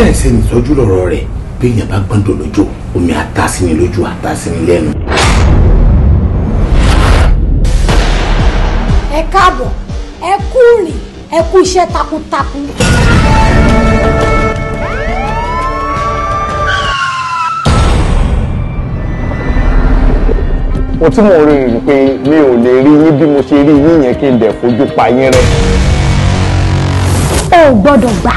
sẹ́ǹsẹ́ nìtọ́jú lọ́rọ̀ rẹ̀ bí èèyàn bá gbọ́ndọ̀ lójú omi àtàsíní lójú àtàsíní lẹ́nu. ẹ káàbọ̀ ẹ kú rìn ẹ kú iṣẹ́ takuntakun. mo tí mo rí i pé mi ò lè rí yín bí mo ṣe rí yín yẹn kí n dẹ̀ fojú pa yín rẹ́. o ò gbọ́dọ̀ gbà.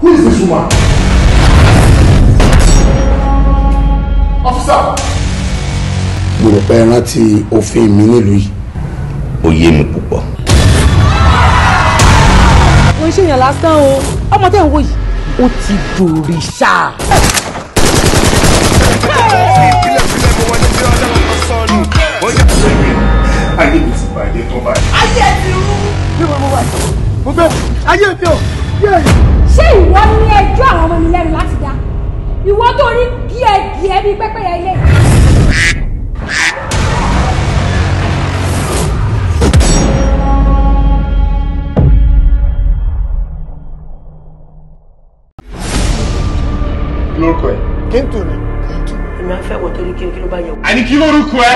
Who is this woman? Officer! Mo rò pé ẹ rántí òfin mi nílùú yìí. Ó yé mi púpọ̀. Mo ń ṣèyàn lásán o. Ọmọ tẹ́ ń wò yìí, ó ti dòrìṣà. Ayé mi ti bàjẹ́ tó báyìí. Ayé mi rú. Bí mo mú wá sọ, mo gbẹ́ ayé mi ò ṣé ìwọ ní ẹjọ́ àwọn ọmọ mi lẹ́nu láti dá ìwọ tó rí gíẹgíẹ bíi pẹ́pẹ́yẹ ilé yìí. lórúkọ ẹ. kíntù ni. èmi á fẹ́ wọ torí kí n kí ló bá yẹ wọ. àní kí lórúkọ ẹ.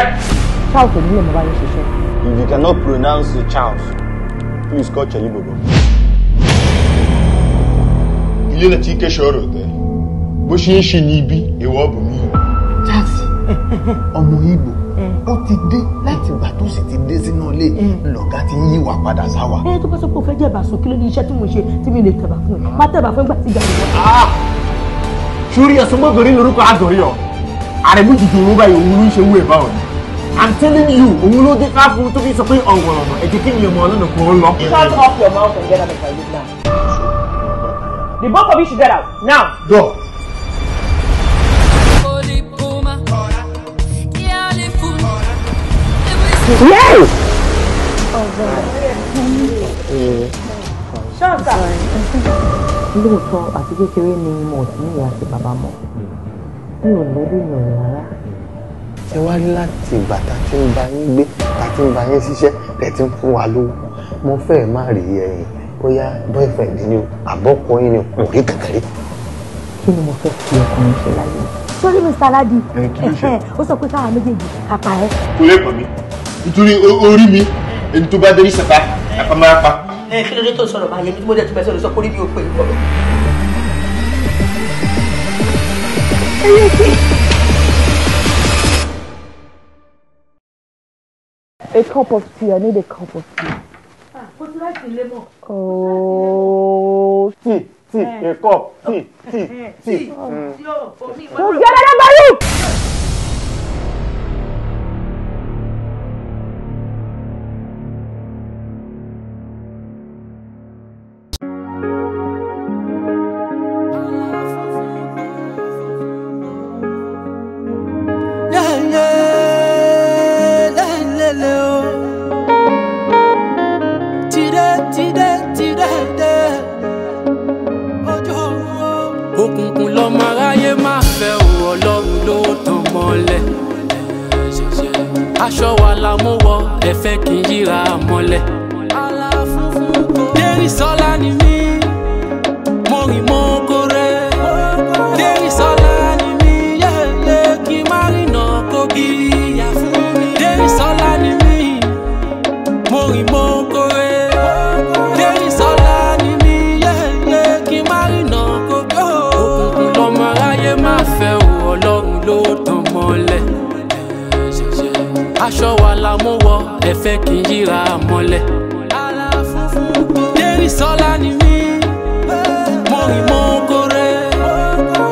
charles ò ní lè mọ báyìí ṣiṣẹ́. if you cannot pronounce the charles please call Bobo. Unity kẹ́sọ̀rọ̀ tẹ bó ṣe ń ṣe ní ibi ìwọ bù mí. Jazzy ọmọ Igbo mm. ó ti dé láti ìgbà tó sì ti dé sínú ilé mm. lọ̀gá ti ń yíwà padà sáwà. ẹ eh, tó bá sọ pé o fẹ́ jẹ́ ìbàsùn kí ló ní iṣẹ́ tí mo ṣe tí mi lè tẹ̀bà fún ẹ má tẹ̀bà fún ẹ tí ìjà ìwọ. sórí ah! ẹ̀sùn mọ́gòrí lorúkọ àgọ̀rí ọ̀ àrẹ̀mú jìjì òun báyìí òun ló ń ṣe wú ẹ̀ báwọn. I'm telling you, òun ló dé ká fún tó fi sọ pé ọ̀wọ̀n ẹ̀jẹ̀ kí ni ọmọ ọlọ́nà kò ń lọ. Shut up your mouth and get out of my room now. The both of you should get out. Now. Go. Yes! Ṣọ́ọ̀sà. Lóòótọ́ àti kékeré ni mo ò sí ìyá àti bàbá mọ̀. Mi ò lẹ́bí mi ò rárá. Ṣé wá rí láti ìgbà tá a ti ń bá yín gbé, tá a ti ń bá yín ṣiṣẹ́, tẹ̀ ti ń fún wa lówó. Mo fẹ́ má rí ẹ̀yìn bóyá boyfriend ni o àbọ̀kọyìn ni kò rí kankan rí. kí ni mo fẹ́ fi ọkùnrin ṣe láyé. sórí mr ladi ó sọ pé káwa méjèèjì kápá ẹ. kò lè pọ̀ mí nítorí orí mi ẹni tó bá dé ní sàpá àpamọ́ra pa ẹ kí ló dé tó sọ̀rọ̀ báyẹn ní mọ́tò ẹ̀túnbẹ̀ sọ̀rọ̀ sọ pé níbi òpè ìkọlù. A cup of tea. I need a cup of tea ó ti láti ilé mọ̀. ooo tí tí ẹ̀kọ́ tí tí tí. yóò dáadáa báyìí. fẹ́ kí n yíra mọ́lẹ̀. ara funfun tó. jerry ni mí mo rìn mọ́ kórè.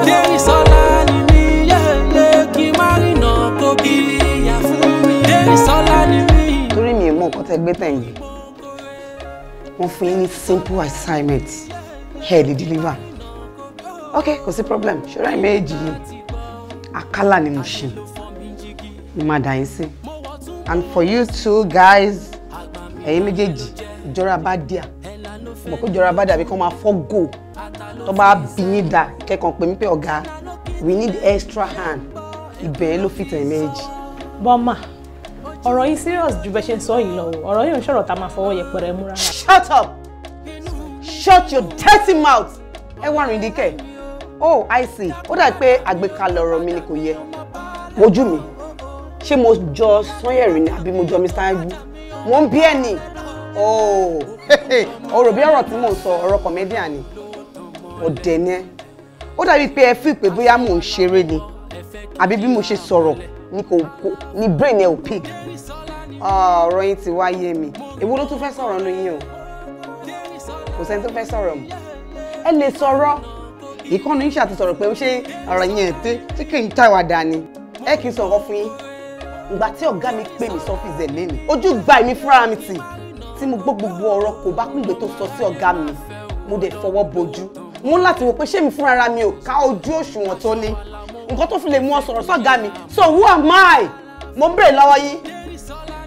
jerry sọlá ni mí yẹ́lẹ́ kí n má rìnà kó kí ìyá fún mi. jerry sọlá ni mí. torí mi ò mọ nǹkan tẹ gbé tẹ̀yìn wọ́n fún yín ní simple assignment head deliver ok kò sí problem ṣọ́ra ẹ̀ méjì yìí àkàlà ni mo ṣe mo máa dà yín sí and for you too, guys ẹ̀yin méjèèjì ìjọra bá díà mo kó ìjọra bá dàbí kí wọ́n máa fọ́gò tó bá bí yín dà kẹ́kọ̀ọ́ pé mípẹ́ ọ̀gá we need extra hand ibẹ̀ ló fi tẹ̀yìn méjì. bọ́mà ọ̀rọ̀ yìí serious ju bẹ́ẹ̀ ṣe ń sọ yìí lọ o ọ̀rọ̀ yìí ń ṣọ̀rọ̀ tá a máa fọwọ́ yẹpẹrẹ mú rárá. shut up shut your dirty mouth ẹ wá rìn díkẹ̀ oh i see ó dà pé àgbékalẹ̀ ọ̀rọ̀ mi ni kò yẹ wojú mi ṣé mo jọ Sanyẹ̀rì ni àbí mo jọ Mr. Agbu mo ń bí ẹ̀ ní oh. ọ̀rọ̀ bí ọ̀rọ̀ tí mò ń sọ ọ̀rọ̀ comedian ni ọ̀dẹ̀ ni ẹ́ ó dàbí pé ẹ fi ìpè bóyá mò ń ṣeré ni àbí bí mo ṣe sọ̀rọ̀ ni kò ní brain ẹ ò pick ah, ọ̀rọ̀ yín ti wáyé mi èwo ló tún fẹ́ sọ̀rọ̀ nu yín o kò sẹ́ni tó fẹ́ sọ̀rọ̀ mu ẹ lè sọ̀rọ̀ ìkànnì ń ṣàtúnṣọ̀rọ̀ pé ó ṣe ọ̀rọ̀ yẹn ète tí kì í tàwádà ni ẹ kì í sọ̀rọ̀ fún yín ìgbà tí ọ̀gá mi pè mí sọ́fíìsì ẹ̀ lẹ́nu ojú gba èmi fúnra mi tì tí mo gbọ́ gbogbo ọ̀rọ̀ kò bá kúngbe tó sọ sí ọ̀gá mi mo dẹ̀ fọwọ́ bojú mo ń láti wò pé ṣé mi fúnra mi ò ká ojú òṣùwọ̀n tó ní nǹkan tó fi lè mú ọ sọ̀rọ̀ sọ́gá mi so who am I mo ń bèrè lọ́wọ́ yín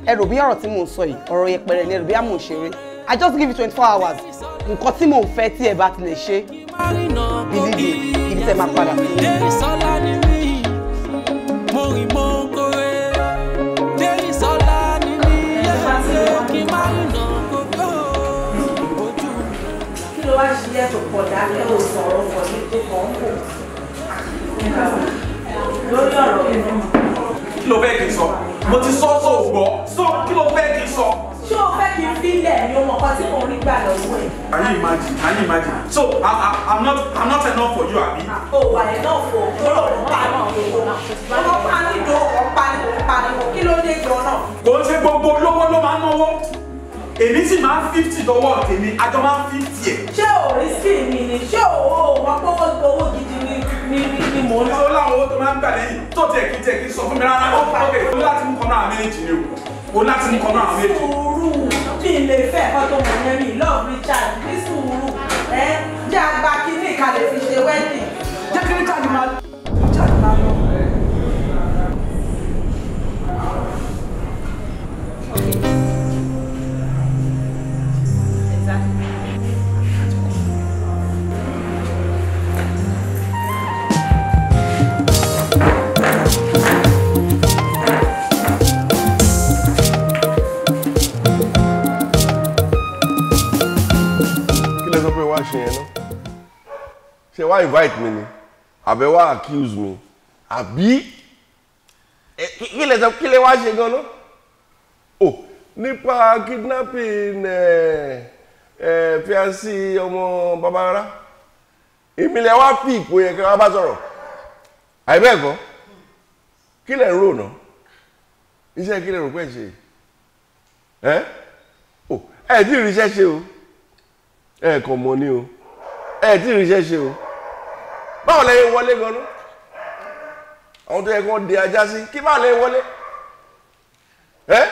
ẹ bí ọ̀rọ̀ tí mò ń sọ yìí ọ̀rọ̀ yẹpẹrẹ ni ẹ bí àmọ̀ òṣèré I just give you twenty four hours nǹkan tí mò ń fẹ́ tí ẹ bá ti lè ṣe ìdíje ibi tẹ́ máa padà. mo rìn mọ́ wá sílẹ̀ tó pọ̀ dákẹ́ ò sọ̀rọ̀ pọ̀ ní tó kàn ń kò lórí ọ̀rọ̀ yẹn. kí ló fẹ́ kí n sọ mo ti sọ sọ ògbọ́ sọ kí ló fẹ́ kí n sọ. ṣé o fẹ́ kí n fílẹ̀ ni o mọ̀ kan tí mo rí gbà lọ́wọ́ ẹ̀. can you imagine can you imagine so I, I, I'm not I'm not enough for you abi. o wà enough o kúrò ọ̀pá ní ìdó ọ̀pá ní ìdó ọ̀pá ní ìdó kí ló dé jọ náà. kò ń ṣe gbogbo olówó ló máa ń náwó èmi sì máa ń fifty dọwọ́ tèmi àjọ máa ń fifty ẹ̀. ṣé òrí sí mi ni ṣé òwò wọn gbọ́wọ́ gbowó gidi ni ni ni mò ń lọ. ó láwọn owó tó máa ń gbà lẹ́yìn tó tẹ̀ kí tẹ̀ kí sọ fún mi rárá ó fà ókè ó láti mú kọ́nà àmì méjì ni o ó láti mú kọ́nà àmì méjì. sùúrù mi lè fẹ́ ẹ̀kọ́ tó mọ̀ yẹn mi love Richard ní sùúrù ẹ jẹ́ àgbà kíní ìkàlẹ̀ fi ṣe wedding. jẹ́ kí Richard máa ṣe yẹn náà ṣe wá invite me? ni àbẹ wá accuse me? àbí kí lè sọ kí lè wá ṣe gan-an o nípa kidnapping ẹ ẹ fíàsì ọmọ babalára èmi lè wá fi ìpò yẹn I wọn bá sọ̀rọ̀ àìbẹ́ẹ̀kọ́ kí lè rò náà iṣẹ́ kí Eh? Oh, eh? ṣe ẹ́ ẹ̀ tí ẹ kàn mọ ni o ẹ tí ì ríṣẹ́ ṣe o báwo lẹ́yìn wọlé gan-an àwọn tó yẹ kó di ajá sí kí báwo lẹ́yìn wọlé ẹ.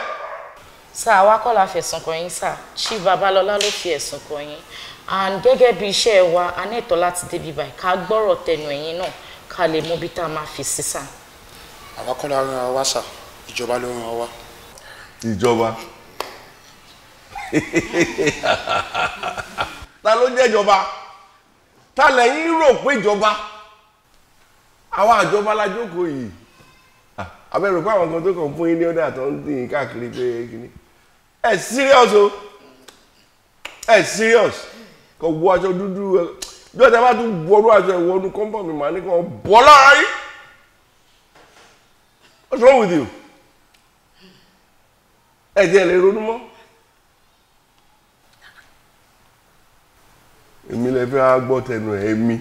sá àwa kọ́ la fẹ̀sùn kàn yín sá Chief Babalọlá ló fi ẹ̀sùn kàn yín and gẹ́gẹ́ bí iṣẹ́ wa a ní ẹ̀tọ́ láti débi báyìí ká gbọ́rọ̀ tẹnu ẹ̀yìn náà ká lè mú bí tá a máa fi sí sá. àwa kọ́ la ràn wá sá ìjọba ló ràn wá. ìjọba. ta ló jẹ́ ìjọba ta lẹ́yìn rò pé ìjọba àwọn àjọba la jókòó yìí abẹ́rù pé àwọn kan tó kàn fún yín ní ọ̀dà tó ń dín in káàkiri pé kíní ẹ serious o ẹ serious kò wọ aṣọ dúdú ẹ bí ọ̀tá bá tún wọnú aṣọ ẹ̀wọ̀ ọdún kọ́ńpọ̀ mi màá ní kàn bọ́ lára yín what's wrong with you ẹ jẹ́ ẹ lè ronú mọ́. èmi lè fi wá gbọ́ tẹnu èmi.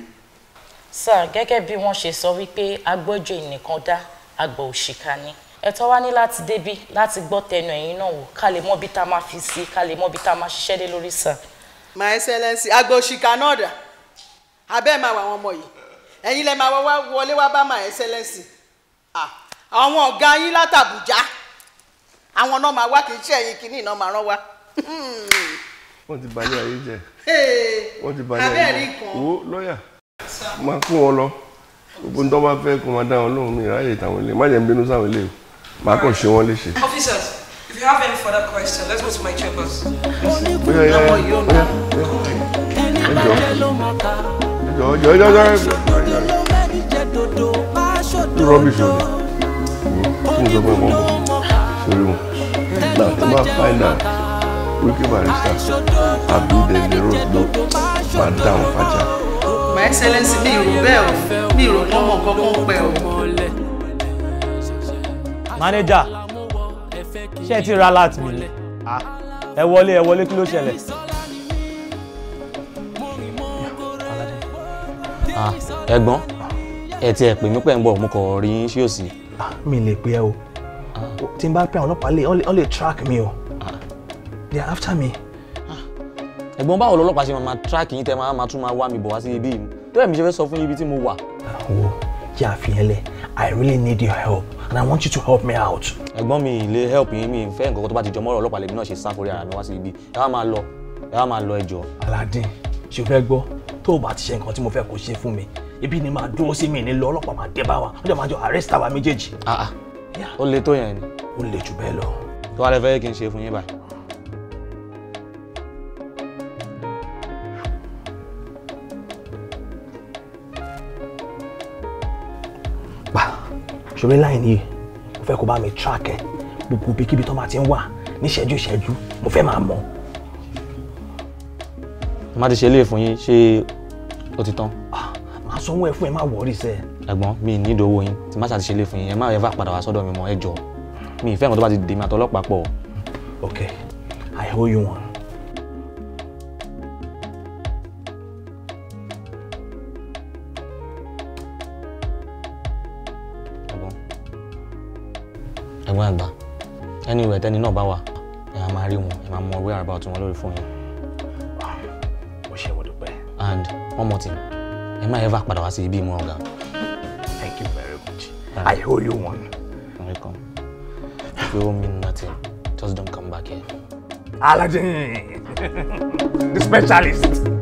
sir gẹ́gẹ́ bí wọ́n ṣe sọ wípé agbọ́jọ ìnìkan dá àgbà òṣìkà ni ẹ̀tọ́ wa ní láti débí láti gbọ́ tẹnu ẹ̀yin náà wò ká lè mọ bí tá a máa fi sí ká lè mọ bí tá a máa ṣiṣẹ́ lé lórí sir. my excellence àgbà òṣìkà náà dà abẹ́ máa wà wọn mọ̀ yìí ẹ̀yin lè máa wọlé wá bá my excellence àwọn ọ̀gá yín látàbújá àwọn náà máa wá kì í ṣe ẹ̀yin kìíní náà máa rán wa wọ́n ti balẹ̀ ayé jẹ́ wọ́n ti balẹ̀ ayé jẹ́ wo lọ́ọ̀yà máa kó wọn lọ gbogbo ní tó bá fẹ́ kó máa dá wọn lóhùn mi ráyè táwọn ilé má bínú sáwọn ilé o máa kàn ṣe wọn léṣe. officers if you have any further questions, let's go to my chambers. bóyá yá ẹ jọ ẹ jọ ẹ jọ ẹ jọ ẹ jọ rubbish o kí n sọ pé wọn bọ sórí wọn náà tó bá find out. Wiki Barrister, Abdul Dele Rodo, Madam Faja. My Excellency, mi ò bẹ́ẹ̀ o, mi ò mọ́mọ́ kankan pẹ́ o. Mánéjà, ṣé ẹ ti ra láti mi ni? Ẹ wọlé ẹ wọlé kí ló ṣẹlẹ̀? Ẹ̀gbọ́n, ẹ ti ẹ̀ pè mí pẹ̀ ń bọ̀ mo kọ̀ rí yín sí òsì. Mi lè pe ẹ o, tí n bá pẹ́ àwọn ọlọ́pàá lè track mi o they are after me. ẹ̀gbọ́n báwo lọ́lọ́pàá ṣe máa track yín tẹ́ máa máa tún máa wá mi bọ̀ wá sí ibi yìí mi ṣe fẹ́ sọ fún yín ibi tí mo wà. wo yà fi yẹn I really need your help and I want you to help me out. ẹ̀gbọ́n mi le help yín mi fẹ́ nǹkan to bá ti jọ mọ́rọ̀ ọlọ́pàá lèmi náà ṣe sá forí ara mi wá sí ibi ẹ wá máa lọ ẹ wá máa lọ ẹjọ́. Aladdin ṣe fẹ́ gbọ́ tó o bá ti ṣe nǹkan tí mo fẹ́ kó ṣe fún mi ibi ni ma dúró sí mi ni lọ ọlọ́pàá máa dé bá wa wọ́n jẹ́ máa jọ arrest àwa méjèèjì. Ah, ah. ó le tó yẹn ni. O le jù bẹ́ẹ̀ lọ. tó wàá lè fẹ́ kí n ṣe fún yín ṣòrí láì ní mo fẹ́ kó bá mi track ẹ̀ gbogbo ibikíbi tó máa ti ń wà níṣẹ́jú ìṣẹ́jú mo fẹ́ máa mọ̀. má ti ṣe ilé fún yín ṣé ó ti tán. Ah, máa sanwó ẹ fún ẹ má wọrí sẹ. ẹ̀gbọ́n mi ì nídòó owó yín tí má ṣàti ṣe ilé fún yín ẹ má ẹ bá padà wá sọ́dọ̀ mi mọ́ ẹ jọ mi ìfẹ́ nǹkan tó bá ti dèmi àtọlọ́pàá pọ̀. okay I owe you one. àwọn àgbà anywhere tẹ́ni náà bá wà ẹ máa rí wọn ẹ máa mọ where about wọn lórí fóònù yẹn. ó ṣe wọ́n dúpẹ́. and one more thing ẹ má ever padà wá sí ibi ìmọ̀ ọ̀gá. thank you very much i owe you one. welcome if you owe me nothing just don't come back here. Aladdin the specialist.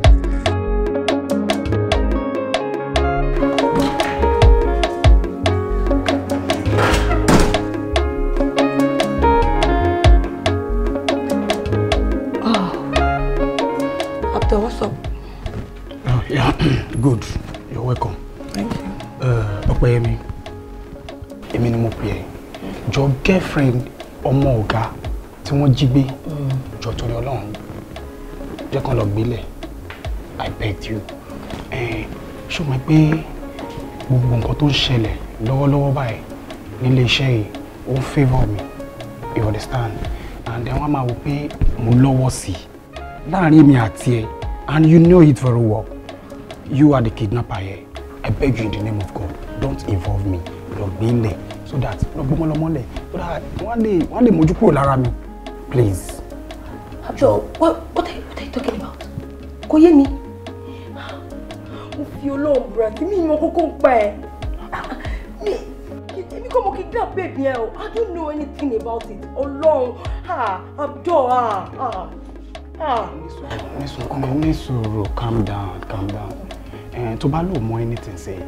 girlfriend ọmọ ọ̀gá tí wọ́n jí gbé mm. jọ torí ọlọ́run jẹ́ kán lọ gbélẹ̀ i beg you ṣó mọ̀ pé gbogbo nǹkan tó ń ṣẹlẹ̀ lọ́wọ́lọ́wọ́ báyìí nílé iṣẹ́ yìí ó ń favour mi you understand and then wọ́n máa wò pé mo lọ́wọ́ sí i láàrin èmi àti ẹ and you know it very well you are the kidnapper here i beg you in the name of god don't involve me lọ gbélẹ̀ so that lọ gbọmọlọmọlẹ̀ wọ́n lè wọ́n lè mójú kúrò lára mi please. àjọ what what are you, what are you talking about kò yé mi mo fi olóhùn búra tí mi ìmọ̀ kókó ń pa ẹ̀ mi èmi kò mọ̀ kí dá bèbí ẹ o I don't know anything about it ọlọ́run àbújọ nísòro ọmọ nísòro calm down calm down tó bá lò mọ anything say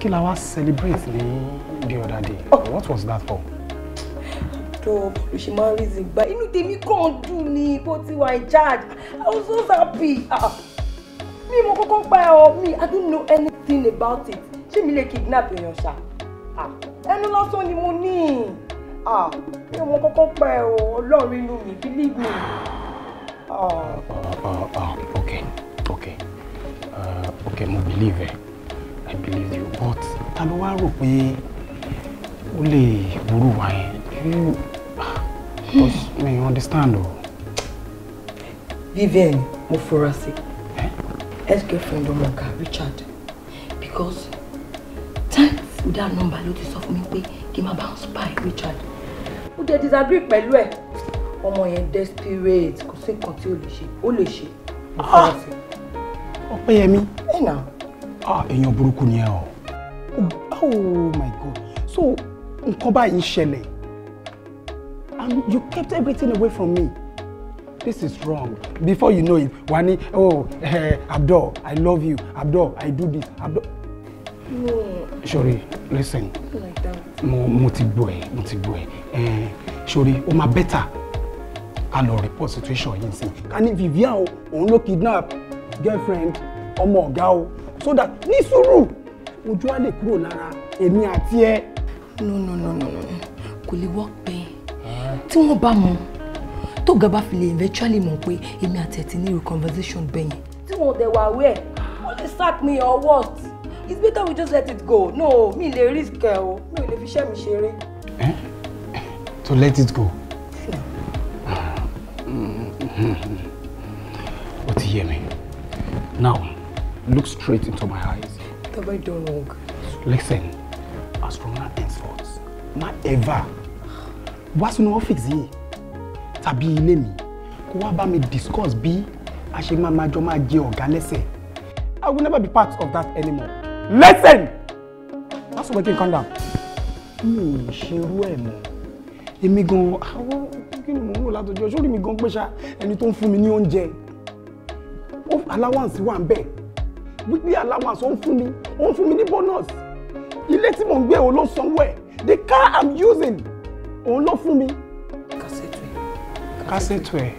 kí la wá celebrate ní the other day oh. what was that for up ló ṣe máa ń rí zigba inú tèmi kàn dùn ní bó ti in charge I was so happy ah, mi I don't know anything about it ṣé mi lè kidnap èèyàn Ah, ẹnu lásán ni money. Ah, mi mo kọ́kọ́ pa ẹ ọ ọlọ́run inú mi believe me. Ah, uh, uh, okay, okay, uh, okay, mo believe ẹ. I believe you but ta ló wá rò pé ó lè wa yẹn because you understand oh vivian mo fura sí eh? ex-girlfriend ọmọ ọ̀gá richard because times that number you ti sọ fún mi pé kí n máa richard ó dẹ̀ disagree pẹ̀lú ẹ̀ Oh my, desperate kò sí nǹkan tí ó lè ṣe ó lè ṣe mo fura ah! sí. ọpẹ́yẹmí. ẹ nà. Ah, èèyàn burúkú ni oh, oh my god so nǹkan báyìí ń and um, you kept everything away from me. This is wrong. Before you know it, Wani, oh, eh, Abdul, I love you. Abdul, I do this. Abdul. No. Shori, listen. Like that. Mo, mo ti gbọ́ ẹ, mo Eh, Shori, ó máa better. Can you report situation yìí sí. Can if Vivian o, òun kidnap girlfriend ọmọ ọ̀gá o. So that ní sùúrù, ojú á lè kúrò lára èmi àti ẹ. No, no, no, no, no. Kò lè work bẹ́ẹ̀ tí wọ́n bá mọ̀ tó ga bá fi lè eventually mọ̀ pé èmi àti ẹ̀ ti ní irú conversation bẹ́yẹn. tí wọn ò dẹ̀ wà aware wọ́n lè sack me or what it's better we just let it go no mi lè risk ẹ o mi ò lè fi iṣẹ́ mi ṣeré. to let it go. ó ti yé mi now look straight into my eyes. tọ́bẹ̀ dán wrong. listen as from now henceforth not ever wá sínú ọ́fíìsì yìí tàbí ilé mi kó wá bá mi discuss bí a ṣe máa máa jọ máa jẹ ọ̀gá lẹ́sẹ̀ I will never be part of that anymore listen that's why wetin calm down mi ò ṣerú ẹ̀ mọ́ èmi gan àwọn kí ni mò ń rò látọjọ́ sórí mi gan pẹ́ṣá ẹni tó ń fún mi ní oúnjẹ allowance wà ń bẹ̀ weekly allowance ó ń fún mi ó ń fún mi ní bonus ilé tí mò ń gbé òun ló sanwó ẹ̀ the car I'm using òun ló fún mi. kásẹ̀tù ẹ̀. kásẹ̀tù ẹ̀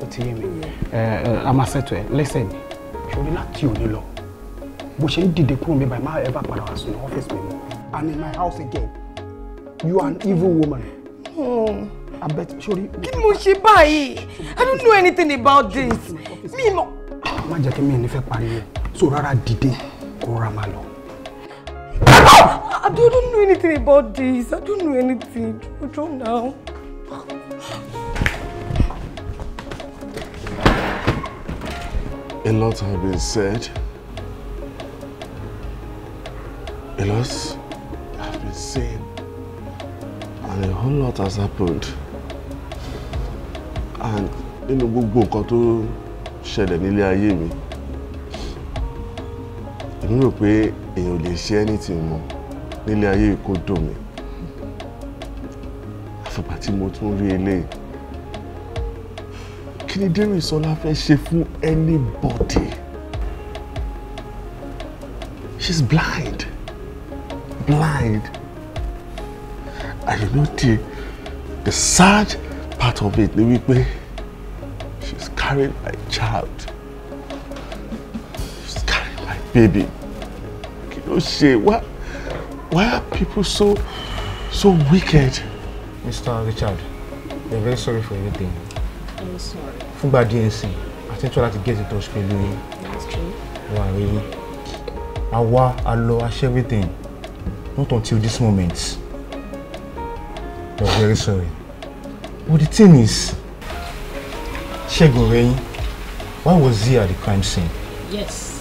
ó ti yé mi a máa sẹ̀tù ẹ̀ lẹ́sẹ̀ ni ṣòrí láti òní lọ bó ṣe ń dìde kúrò mi báyìí má ẹ bá padà wá sùn ní ọ́fíìsì mi mọ́ and in my house again you are an evil woman. Oh. abet ṣòrí. kí ni mo ṣe báyìí i don't know anything about this mi mọ. Ah, má jẹ́ kí mi ò ní fẹ́ pariwo so rárá dìde kó rà máa lọ. I don't know anything about this. I don't know anything. Jojo now. A lot has been said. A lot has been seen, And a whole lot has happened. And nínú gbogbo nǹkan tó ṣẹlẹ̀ nílé ayé mi, èmi rò pé know, ò lè share anything more nílé ayé kò dùn mí àfipà tí mo tún rí eléyìí kí ni Dérìsọ́lá fẹ́ ṣe fún anybody she's blind blind and you know the the sad part of it ni wípé she's carrying my child she's carrying my baby kí ló ṣe wá. Why are people so, so wicked? Mr. Richard, we're very sorry for everything. I'm sorry. Fúngbà díẹ̀ sí, I think try to get in touch for yín. That's true. Why? I rí. I a lọ aṣẹ́ everything. Not until this moment. We're very sorry. But the thing is, Ṣẹ́gun why was he at the crime scene? Yes.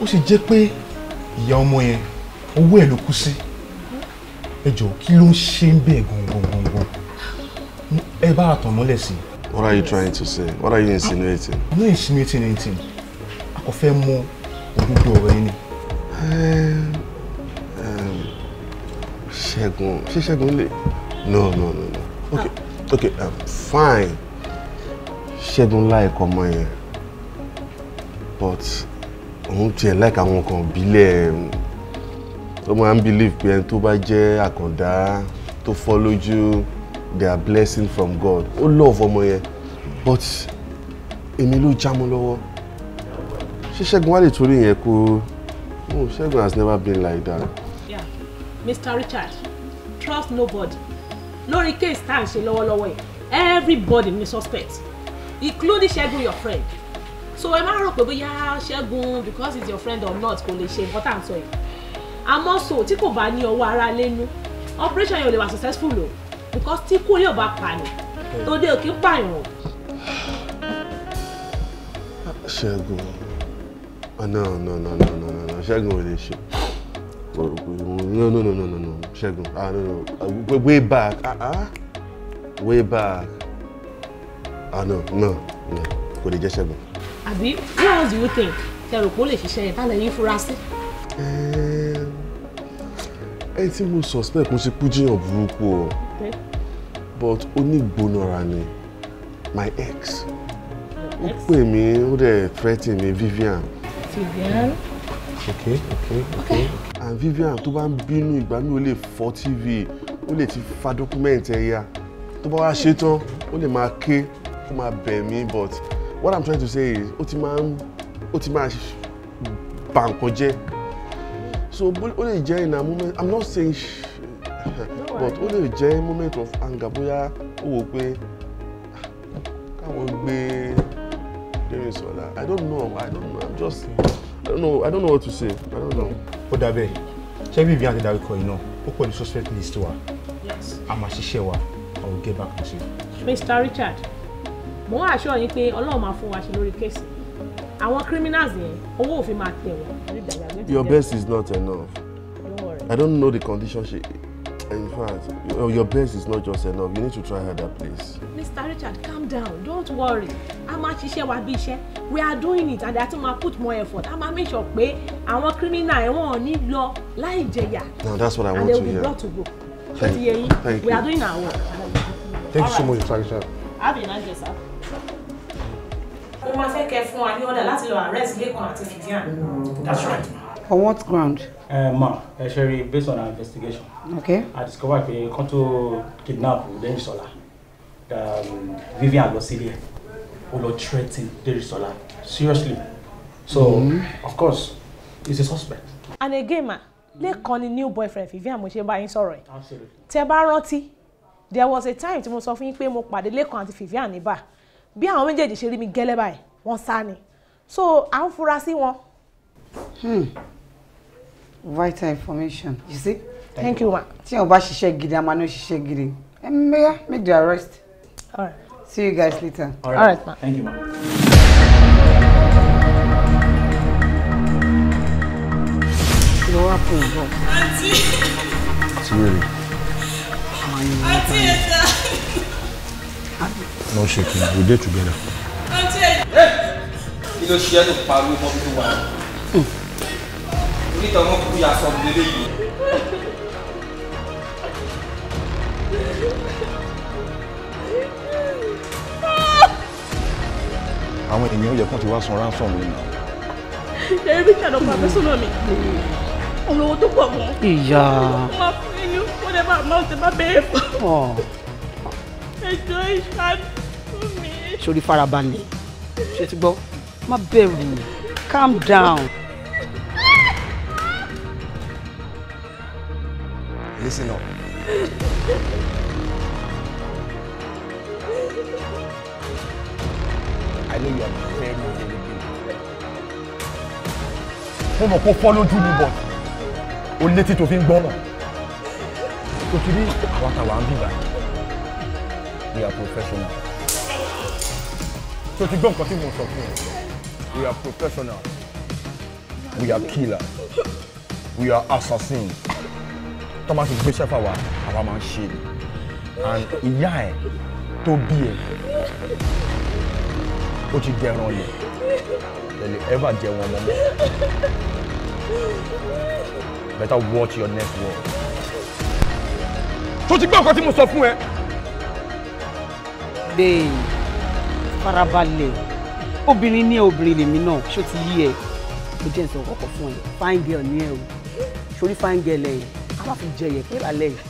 Was sì jẹ́ pé ìyá ọmọ owó ẹ̀ ló kú sí ẹ jọ kí ló ń ṣe ń bẹ̀ gangan ẹ bá àtàn mọ́lẹ̀ sí. What are you trying to say? What are you insinuating? I'm not insinuating anything a kò fẹ́ mọ òdodo ọ̀rọ̀ yẹn ni. ṣẹ́gun ṣé ṣẹ́gun lè. no no no no okay okay um, fine ṣẹ́gun like ọmọ yẹn but òun tiẹ̀ like àwọn kan bílẹ̀. Um, ó máa ń believe pé ẹni tó bá jẹ́ àkàndá tó fọ́ lójú they are blessing from God ó love ọmọ yẹn but èmi ló já mọ́ lọ́wọ́ ṣé Ṣẹ́gun wá lè torí yẹn kó no Ṣẹ́gun has never been like that. Yeah. Mr. Richard trust nobody lórí case tá à ń ṣe lọ́wọ́lọ́wọ́ yẹn everybody ni suspect including Ṣẹ́gun your friend so ẹ má rò pé bóyá Ṣẹ́gun because he's your friend or not kò lè ṣe nǹkan tá à ń àmọ́ so tí kò bá ní ọwọ́ ara lẹ́nu operation yẹn ò lè wà successful o because tí kú yóò bá pààyàn tó dé òkè pààyàn. ṣẹ́gun ọ̀nà ọ̀nà ọ̀nà ọ̀nà ọ̀nà ṣẹ́gun ò lè ṣe no no no no no no ṣẹ́gun ah no no way back ah ah way back ah no no no kò lè jẹ́ ṣẹ́gun. àbí what else do you think ṣe rò pé ó lè ṣiṣẹ́ yẹn tá lẹ́yìn fura sí. ẹ̀ẹ́ ẹ tí mo suspect mo ṣe kú jíyàn burúkú o but onígbónára ni my ex ó pè mí ó dẹ̀ threatening me, Vivian. Vivian. okay okay okay and Vivian tó bá ń bínú ìgbà mi ò lè fọ́ TV ó lè ti fa document ẹ̀ tó bá wá ṣe tán ó lè máa ké ó máa bẹ̀ mí but what i'm trying to say is ó ti máa ó ti máa bà nǹkan jẹ́ so ó lè jẹ́ in a moment i'm not saying sh but ó lè jẹ́ moment of anger bóyá ó wò pé ah, káwọn gbé dẹ́rìn sọ̀la i don't know i don't know i'm just i don't know i don't know what to say i don't know. ó dàbẹ̀ ṣé bíbí àti dárúkọ yìí náà ó pọ̀ ní suspect list wa a máa ṣiṣẹ́ wa i will get back to you. mr richard mo ń àṣọ yín pé ọlọ́run máa fún wa ṣe lórí kéèsì àwọn criminals yẹn owó òfin máa tẹ̀ wọ́n Your best is not enough. Don't worry. I don't know the condition she. In fact, your best is not just enough. You need to try harder, please. Mr. Richard, calm down. Don't worry. A máa ṣiṣẹ́ wa bí iṣẹ́. We are doing it and that's tún máa put more effort. A máa make sure I want criminal ẹ̀wọ̀n ò ní law. láì jẹyà. Now that's what I want to hear. Thank, you. We are doing our work. Thank you so much, Mr. Richard. Have a nice day, mo máa fẹ́ kẹ́ fún wa láti lọ arrest Lékan àti Fidian. Mm. that's right. on what ground. Uh, ma ẹ ṣe rí based on our investigation. okay. I discover pé kan to kidnap Dẹ́rìsọ́lá um, Vivian lọ sílé ẹ̀ ó lọ threaten Dẹ́rìsọ́lá seriously so mm -hmm. of course he's a suspect. and again ma Lékan ni new boyfriend Vivian mo ṣe bá yín sọ̀rọ̀ ẹ̀ tẹ́ bá rántí there was a time tí mo sọ fún yín pé mo pàdé Lékan àti Vivian ní bí àwọn méjèèjì ṣe rí mi gẹ́lẹ́ báyìí wọ́n sá ni so à ń fura sí wọn. Hmm. vital information you see. thank, you ma. tí o bá ṣiṣẹ́ gidi a máa ní o ṣiṣẹ́ gidi mayor make the arrest. right. see you guys later. all right, ma. thank wá fún ìbọn. àǹtí. àti wèrè. àǹtí ẹ̀dá no shaking we dey together. kí ló ṣe é tó pariwo mọ́ bíi wà nítorí wọn kúkú yà sọ gbélé yìí. àwọn èèyàn yẹ kó ti wá san ransom mi nà. ẹ̀rí bí kàdọ̀ pa pẹ́sọ́nà mi olówó tó pọ̀ mọ́. ìyá. wọ́n fi inú wọ́n dẹ̀ bá máa ń tẹ́ bá bẹ́ẹ̀ fún. ẹjọ́ ìṣáájú sórí farabalẹ̀ ṣe ti gbọ́ má bẹ̀rù calm down. Listen up. I know you are very very delicate. Mo mọ̀ kó fọ́ lójú mi bọ̀, o létí tó fi ń gbọ́nà. O ti rí àwọn àtàwọn àbíbá. We are professional. So ti gbọ́ continue to mo we are professionals. we are killers. we are assassins. Thomas is ti gbéṣẹ́ our man shield, and ìyá ẹ̀ tó bí ẹ̀ ó ti dẹran lẹ̀ lẹ́lẹ̀ ẹ̀fà jẹ́ wọn ọmọ mọ́ better watch your next word. So ti gbọ́ continue to mo sọ fún babe farabalẹ̀ obìnrin ní obìnrin lèmi náà ṣó ti yí ẹ mo jẹ́ nsọ kọ̀kọ̀ fún ẹ fine girl ní ẹ o sórí fine girl ẹ a máa fi jẹ yẹ pé lálẹ́ yìí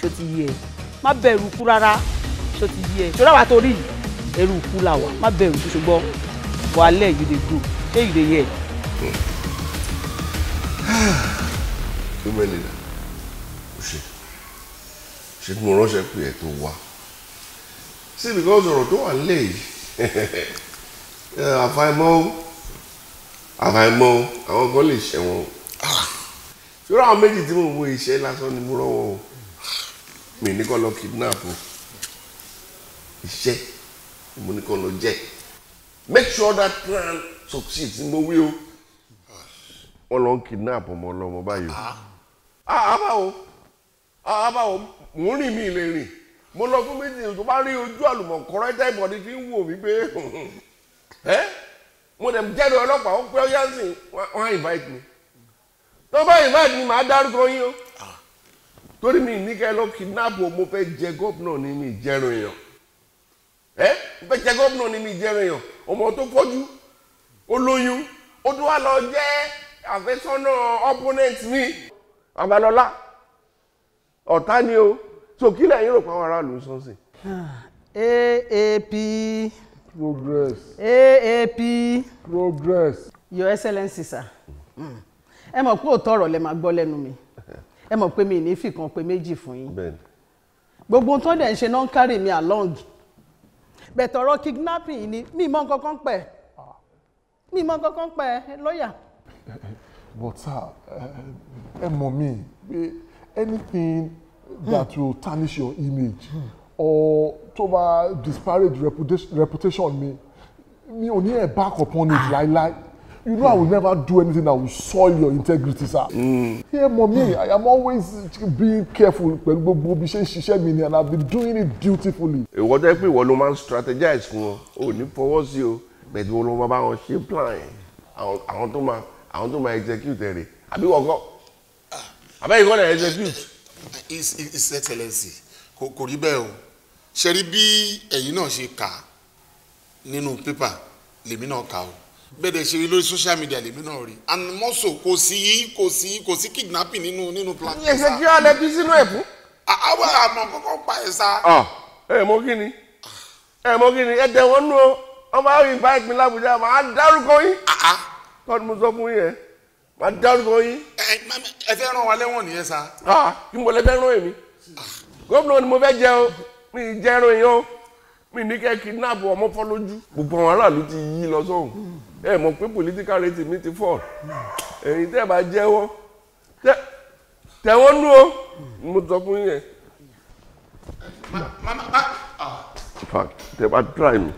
ṣó ti yí ẹ má bẹ̀rù kú rárá ṣó ti yí ẹ ṣọlá wa torí ẹrù kú la wà má bẹ̀rù kú ṣùgbọ́n wàhálẹ̀ you dey go ṣé you dey hear. tó mẹ́lẹ̀ dà mo ránṣẹ́ pé ẹ̀ tó wá sí because ọ̀rọ̀ tó wà nílẹ̀ Eh, àfàìmọ̀ o àfàìmọ̀ o àwọn kan lè ṣẹ̀wọ̀n o ṣòro àwọn méjì tí mo wo iṣẹ́ lásán ni mo rọ́wọ́ o mi ní kọ́ lọ kidnap o iṣẹ́ mo ní kọ́ lọ jẹ́ make sure that plan succeeds ni mo wí o wọ́n lọ ń kidnap ọmọ ọlọ́mọ báyìí o àbáwo àbáwo mò ń rìn mí lè rìn mo lọ fún méjì tó bá rí ojú àlùmọ̀kọ́rọ́ ẹ̀dá ìbọ̀dí fi ń wò mí pé mo dẹ̀ jẹ́rìí ọlọ́pàá ó pé ó sí wọ́n invite mi tó bá invite mi màá dárúkọ yín o torí mi ní kẹ́ lọ kidnap o mo fẹ́ jẹ gómìnà ní mi jẹ́rìí yàn ẹ́ mo fẹ́ jẹ gómìnà ní mi jẹ́rìí yàn ọmọ tó kọjú ó lóyún ó tún wá lọ jẹ́ àfẹ́sọ́nà opponent mi Àbálọ́lá ọ̀tá ni o so kí lẹ́yìn rò pé àwọn aráàlú ń sọ́nsìn. aap. Ah, progress. aap. progress. your excellency sir hmm. ẹ mọ̀ pé òótọ́ ọ̀rọ̀ lẹ máa gbọ́ lẹ́nu mi ẹ mọ̀ pé mi ì ní fìkan pé méjì fún yín gbogbo tó dẹ̀ ń ṣe náà ń carry mi along bẹ̀tẹ̀ ọ̀rọ̀ kidnapping ni mi mọ nǹkan kan pẹ̀ mi mọ nǹkan kan pẹ̀ lọ́ọ̀yà. but sir ẹ mọ̀ mi anything that will hmm. tarnish your image or tó bá disparage reputation, reputation mi mi ò ní ẹ̀ back upon it láíláí you know I will never do anything that will soil your integrity sir. Mm. yeah mọ̀mí I am always being careful pẹ̀lú gbogbo bí ṣe ń ṣiṣẹ́ mi ni and I have been doing it dutifully. ìwọ jẹ́ pé ìwọ ló máa ń strategize fún wọn ò ní fọwọ́ sí o bẹ̀ẹ̀ni wọn ló máa bá wọn ṣe plan yẹn àwọn tó máa àwọn tó máa execute rẹ̀ àbí wọ́n kọ́ ah, àbẹ́yìn kọ́ náà execute his his excellency kò rí bẹ́ẹ̀ o ṣe rí bí ẹ̀yin náà ṣe kà á nínú pépà lèmi náà kà o bẹ́ẹ̀ dẹ̀ ṣe rí lórí social media lèmi náà rí and mọ́sò kò sí kò sí kò sí kidnapping nínú nínú plan. ẹ ṣe kí alẹ́ bí sínú ẹ̀ fún. àwọn àmọ́ kọ́kọ́ pa ẹ̀ sá. ẹ mọ kí ni ẹ mọ kí ni ẹ tẹ wọn nú ọ wọn bá rí báyìí pín lábújá máa dárúkọ yín. tọ́ni mo sọ fún yín yẹn má dárúkọ yín. ẹ fẹ́ ràn wá lẹ́wọ̀n nìyẹn sa. ìmọ̀ lẹ́fẹ́ ràn èmi gómìnà ni mo fẹ́ jẹ o mi ì jẹ́ ràn yín o mi ní kẹ́ kidnap ọmọ fọ́ lójú gbogbo àwọn aráàlú ti yí lọ sọ́hùn ẹ mọ̀ pé political rate mi ti fall ẹ̀yin tẹ́ ẹ bá jẹ́wọ́ tẹ̀wọ́n nú o mo sọ fún yín yẹn. Ah. tẹ bá try mi.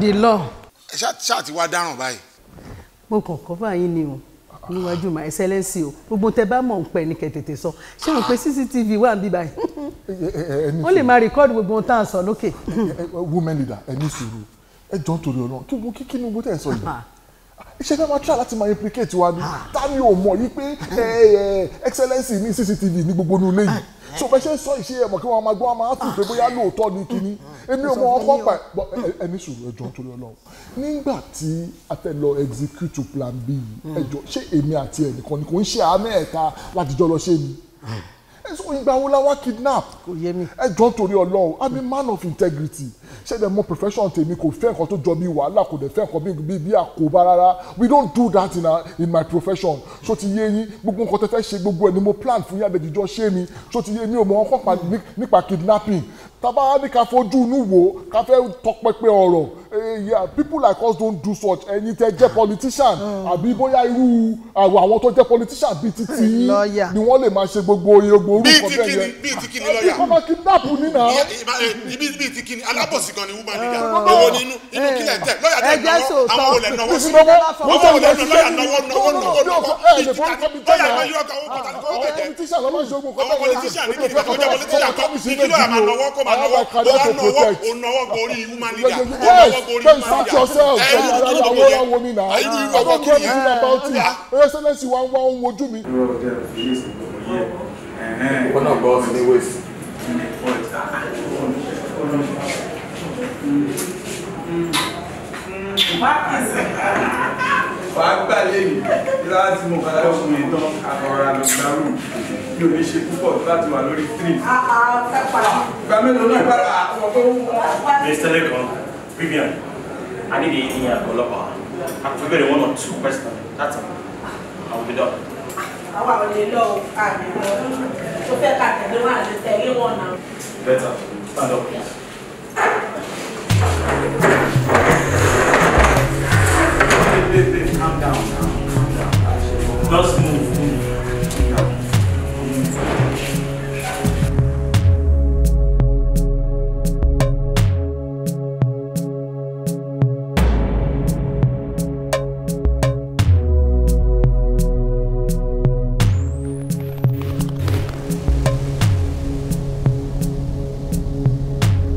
the law ẹ ṣáà ti wá dáràn báyìí. mo kàn kọ́ báyìí ni o níwájú my excellence o gbogbo tẹ bá mọ̀ ń pẹ́ ní kẹ̀tẹ̀tẹ̀ sọ ṣé mo pe cctv wà ń bí báyìí ó lè máa record gbogbo ohun tá à ń sọ lókè. women leader ẹ ní sùúrù ẹ jọ ń torí Ọlọ́run kí ni gbogbo tẹ ẹ sọ yìí ah, iṣẹ́ tá a máa try láti máa implicate wa ni tá ni o mọ̀ yí pé excellency ní cctv ní gbogbo inú ilé yìí so bẹ́ẹ̀ ṣe sọ ìṣe ẹ̀mọ̀ kí wọ́n máa gbọ́ wọn máa fún pé bóyá lóòótọ́ ni kíní èmi ò mọ ọkọ pa ẹni sùúrù ẹjọ́ torí Ọlọ́run nígbà tí a fẹ́ lọ execute plan b hmm. ẹjọ́ ṣé èmi àti ẹnìkan ni kò ń ṣe àmì ẹ̀ka láti jọ lọ ṣe ni. Hmm ìgbà wo la wá kidnap ẹ jọ torí Ọlọ́run i'm a man of integrity ṣé dem mọ profession tèmi kò fẹ́ nǹkan tó jọ bí wàhálà kò dẹ̀ fẹ́ nǹkan bí bí àkóbá rárá we don't do that in, our, in my profession so ti yé yín gbogbo nǹkan tẹ́ fẹ́ ṣe gbogbo ẹ̀ ni mo plan fún yín abẹ́jíjọ́ ṣé mi so ti yé mi ò mọ ọkọ̀ nípa kidnapping tàbá wá ní ká fojú inú wò ó ká fẹ́ tọpẹpẹ ọ̀rọ̀ eh, people like us don't do such ẹ̀yin tẹ́ jẹ́ politician mm. àbí bóyá irú àwọn tó jẹ́ politician bíi títí ni wọ́n lè máa ṣe gbogbo gbogbo orúkọ bẹ́ẹ̀ yẹn bíi ti kini lọ́ọ̀yà ọmọ kidnap ni na. Eh, bíi ti kini alábòsí gan ni woman leader eh, owó ni inú inú kílẹ̀ tẹ̀ lọ́ọ̀yà tẹ̀ náwó àwọn olè náwó sí wọ́n olè lọ́ọ̀yà náwó náwó náwó náwó bíi ti kini lọ́ọ̀yà máa yọ ọkọ̀ owó kọ̀ọ̀kan kọ́ ọ́ bẹ̀jẹ̀ àwọn politician ní kí náwó bóyá náwó ònàwó gorí woman leader ònàwó gorí oh, woman leader ẹ irú kí ló gbogbo yẹn ẹ irú irú ọgbọ kí ni ẹ ẹ sẹlẹsì wa ń wá ohun ojú mi. wọn náà gbọ́ sí ní wẹ́ẹ̀sì. What is it? wàá gbà lẹ́yìn láti mú padà fún mi tán àkọ́ra lọ dárò mi ò ní ṣe púpọ̀ láti wà lórí three. Ah, ah, ìgbà mélòó náà ìpàdà àwọn Mr. Lekan Vivian I need a ní àgọ́ ọlọ́pàá I'm preparing one or two questions that's all I will be done. àwọn àwọn ilé lọ àmì wọn tó fẹ́ ká wọn àti tẹ̀lé wọn náà. Better stand up please. Calm down now. Calm down. Just move.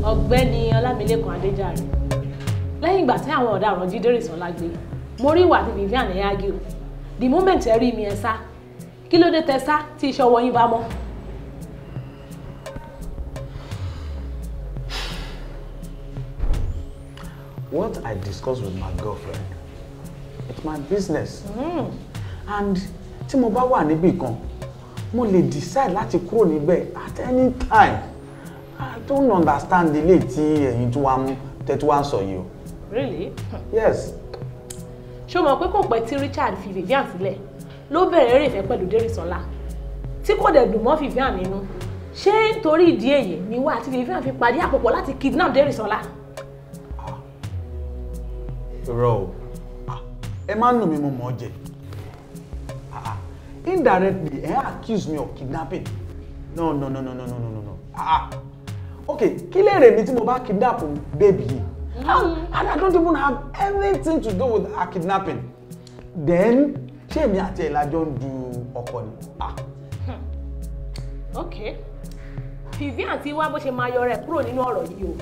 ọ̀gbẹ́ni ọlámilékan adéjàre lẹ́yìn ìgbà tí àwọn ọ̀daràn jí dérìsàn lágbé mo rí ìwà Vivian ẹ̀ o the moment ẹ rí mi ẹ sá kí ló dé tẹ sá tí iṣẹ́ ọwọ́ yín bá mọ́. What I discuss with my girlfriend it's my business mm. and tí mo bá wà níbì kan mo lè decide láti kúrò níbẹ̀ at any time I don't understand ilé tí ẹ̀yin tí wọ́n tẹ́tí wọ́n sọ yìí o. Really? Yes ṣó mọ̀ pé kò pẹ́ tí Richard fi Vivian sílẹ̀ ló bẹ̀rẹ̀ eré ìfẹ́ pẹ̀lú Dérìsọ́lá tí kò dẹ̀ dùn mọ́ Vivian nínú ṣé nítorí ìdí èyí ni wà àti Vivian fi parí àpòpọ̀ láti kidnap Dérìsọ́lá. rọ o ẹ máa ń nù mí mo mọ̀ ọ́ jẹ indirectly ẹ accuse me of kidnapping no no no no no no no no ah, ah okay kí lè rè mí tí mo bá kidnap baby yìí and I don't even have anything to do with her kidnapping then ṣé èmi àti ẹ̀ lájọ ń du ọkọ ni. Ah. Hmm. okay Vivian ti wá bó ṣe máa yọra ẹ̀ kúrò nínú ọ̀rọ̀ yìí o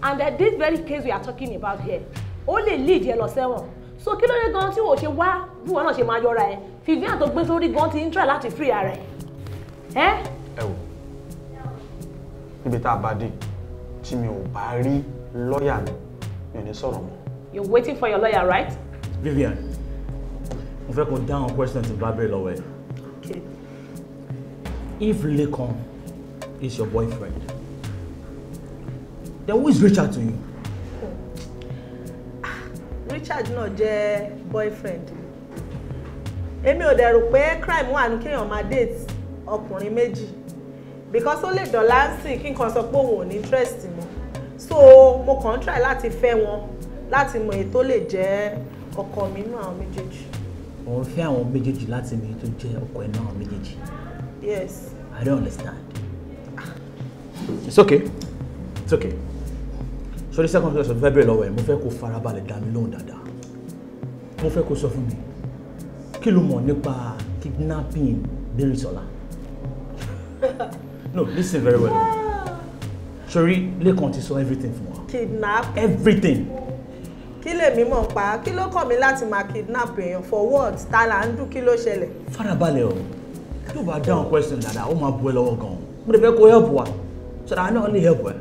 and uh, this very case we are talking about here ó lè lead yẹn lọ sẹ́wọ̀n so kí ló dé gan tí wò ṣe wá bí wọn náà ṣe máa yọra ẹ Vivian tó gbé sórí gan ti ń try láti free ara ẹ. ẹ wò níbi tá a bá dé tí mi ò bá rí Lawyer, mi mi sọ̀rọ̀ mọ́. you're waiting for your lawyer right. Vivian mo fẹ́ kó dáhùn question tí bá bẹ̀rẹ̀ lọ́wọ́ ẹ̀. if Lekan is your boyfriend then who is Richard to you. Ah, Richard náà jẹ́ boyfriend èmi ò dẹ̀ rò pé crime wà ní kéèyàn máa date ọkùnrin méjì because ó lè dọ̀lá sí kí n kan sọ pé òun ò ní interest mọ́ so mo kàn ń try láti fẹ́ wọn láti mọ èyí tó lè jẹ́ ọkọ mi náà àwọn méjèèjì. òun fẹ́ àwọn méjèèjì láti mọ tó jẹ́ ọkọ ẹ̀ náà méjèèjì. yes. I don't understand. Ah. it's okay it's okay So the second question fẹ́ bẹ̀rẹ̀ lọ́wọ́ ẹ̀ mo fẹ́ kó farabalẹ̀ dá mi lóhùn dáadáa mo fẹ́ kó sọ fún mi kí ló mọ̀ nípa kidnapping Bírísọ́lá no listen very well sori lẹ́kàn ti sọ everything fún wa. kidnap. everything. kí lèmi mọ̀ pa kí ló kàn mí láti máa kidnap èèyàn for what ta là ń dún kí ló ṣẹlẹ̀. farabalẹ̀ o tó bá dáhùn question dada ó máa bu ẹ lọ́wọ́ gan-an mo lè fẹ́ kó help wa sọ̀rọ̀ àná lè help ẹ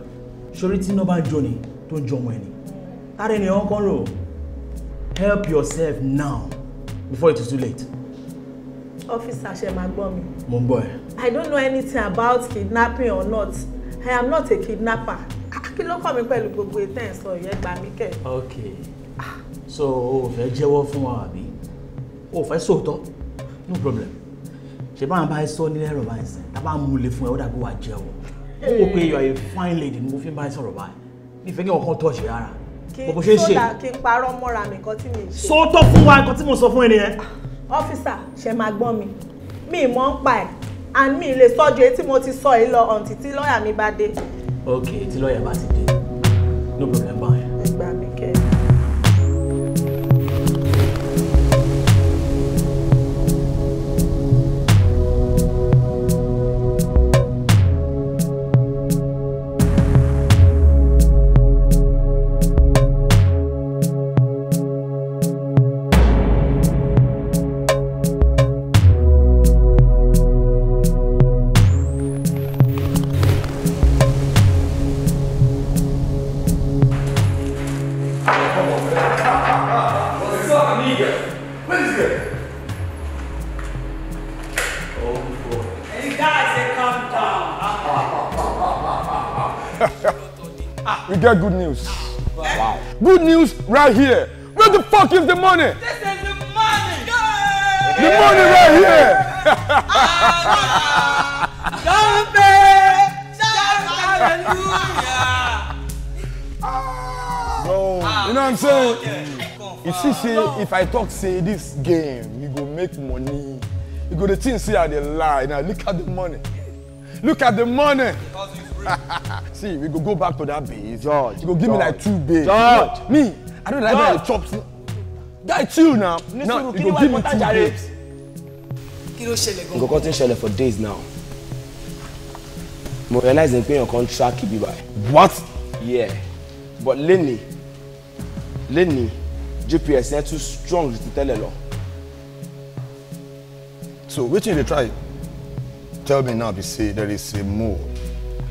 sori tí iná bá ń jó ni tó ń jọ ọmọ ẹni tára ẹni ọ̀hún kan rò help yourself now before it is too late. ọ́fíìsì àṣẹ máa gbọ́ mi. mo ń gbọ́ ẹ. I don't know anything about kidnapping or not I am not a kidnapper ah, kí ló kọ́ mi pẹ̀lú gbogbo ètò ẹ̀ sọ ìyẹn gbà mí kẹ̀. ok so o fẹ́ jẹ́wọ́ fún wa àbí o fẹ́ sòótọ́ no problem ṣe bá wọn bá sọ nílẹ̀ ẹ̀rọ báyìí sẹ́yìn tá a bá ń múlẹ̀ fún ẹ ó dàbí wàá jẹ́wọ́ ó wò pé you are a fine lady ni mo fi ń bá ẹ sọ̀rọ̀ báyìí mi fẹ́ kí wọn kàn tọ́ọ̀ṣì rárá bó ṣe ń ṣe kí n parọ́ mọ́ra mi nǹkan tí mi ń ṣe. sọ́tọ̀ fún wa nǹkan tí mo sọ fún ẹ nìyẹn. ọ́fíìsà ṣe máa gbọ́ mi mi ì mọ̀ ń pa ẹ̀ and mi lè sọ etí mo ti sọ yìí lọ until tí lọ́ọ̀yà mi bá dé. ok tí lọ́ọ̀yà bá ti dé no problem báyìí. if i talk say this game we go make money you go dey think say i dey lie now look at the money look at the money see we go go back to that base george you go give george. me like two base george me i don't like that you chop guy chill na now you go give me two base. kí go cutting gan for days now mo realize pé your contract. track ibi báyìí. what. yeah but lenny lenny gps yẹn too strong ju ti tẹ́lẹ̀ lọ. so wetin you dey try tell me now be say there is a mole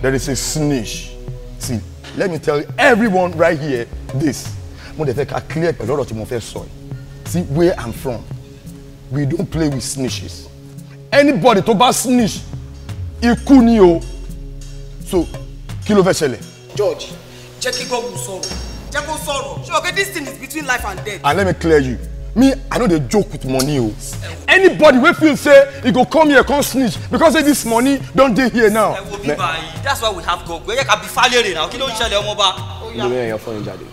there is a snitch see let me tell everyone right here this mo dey fẹ́ ká clear pẹ̀lú ọ̀rọ̀ tí mo fẹ́ sọ see where i'm from we don't play with snitches anybody tó bá snitch ikú ni o so kí ló fẹ́ ṣẹlẹ̀. george jẹ́ kí gbọ́ngùn sọ̀rọ̀ jẹ́ sọ̀rọ̀ ṣé this thing is between life and death. and let me clear you me i no dey joke with money o anybody wey feel say e go come here come snitch because say this money don dey here now. ẹ wo bíbá yìí that's why we have gọgbẹ ẹ yẹ ká bí falẹrẹ náà kí ló ń ṣẹlẹ̀ ọmọba. olórí ẹ̀yàn fọ́ọ̀nù jáde.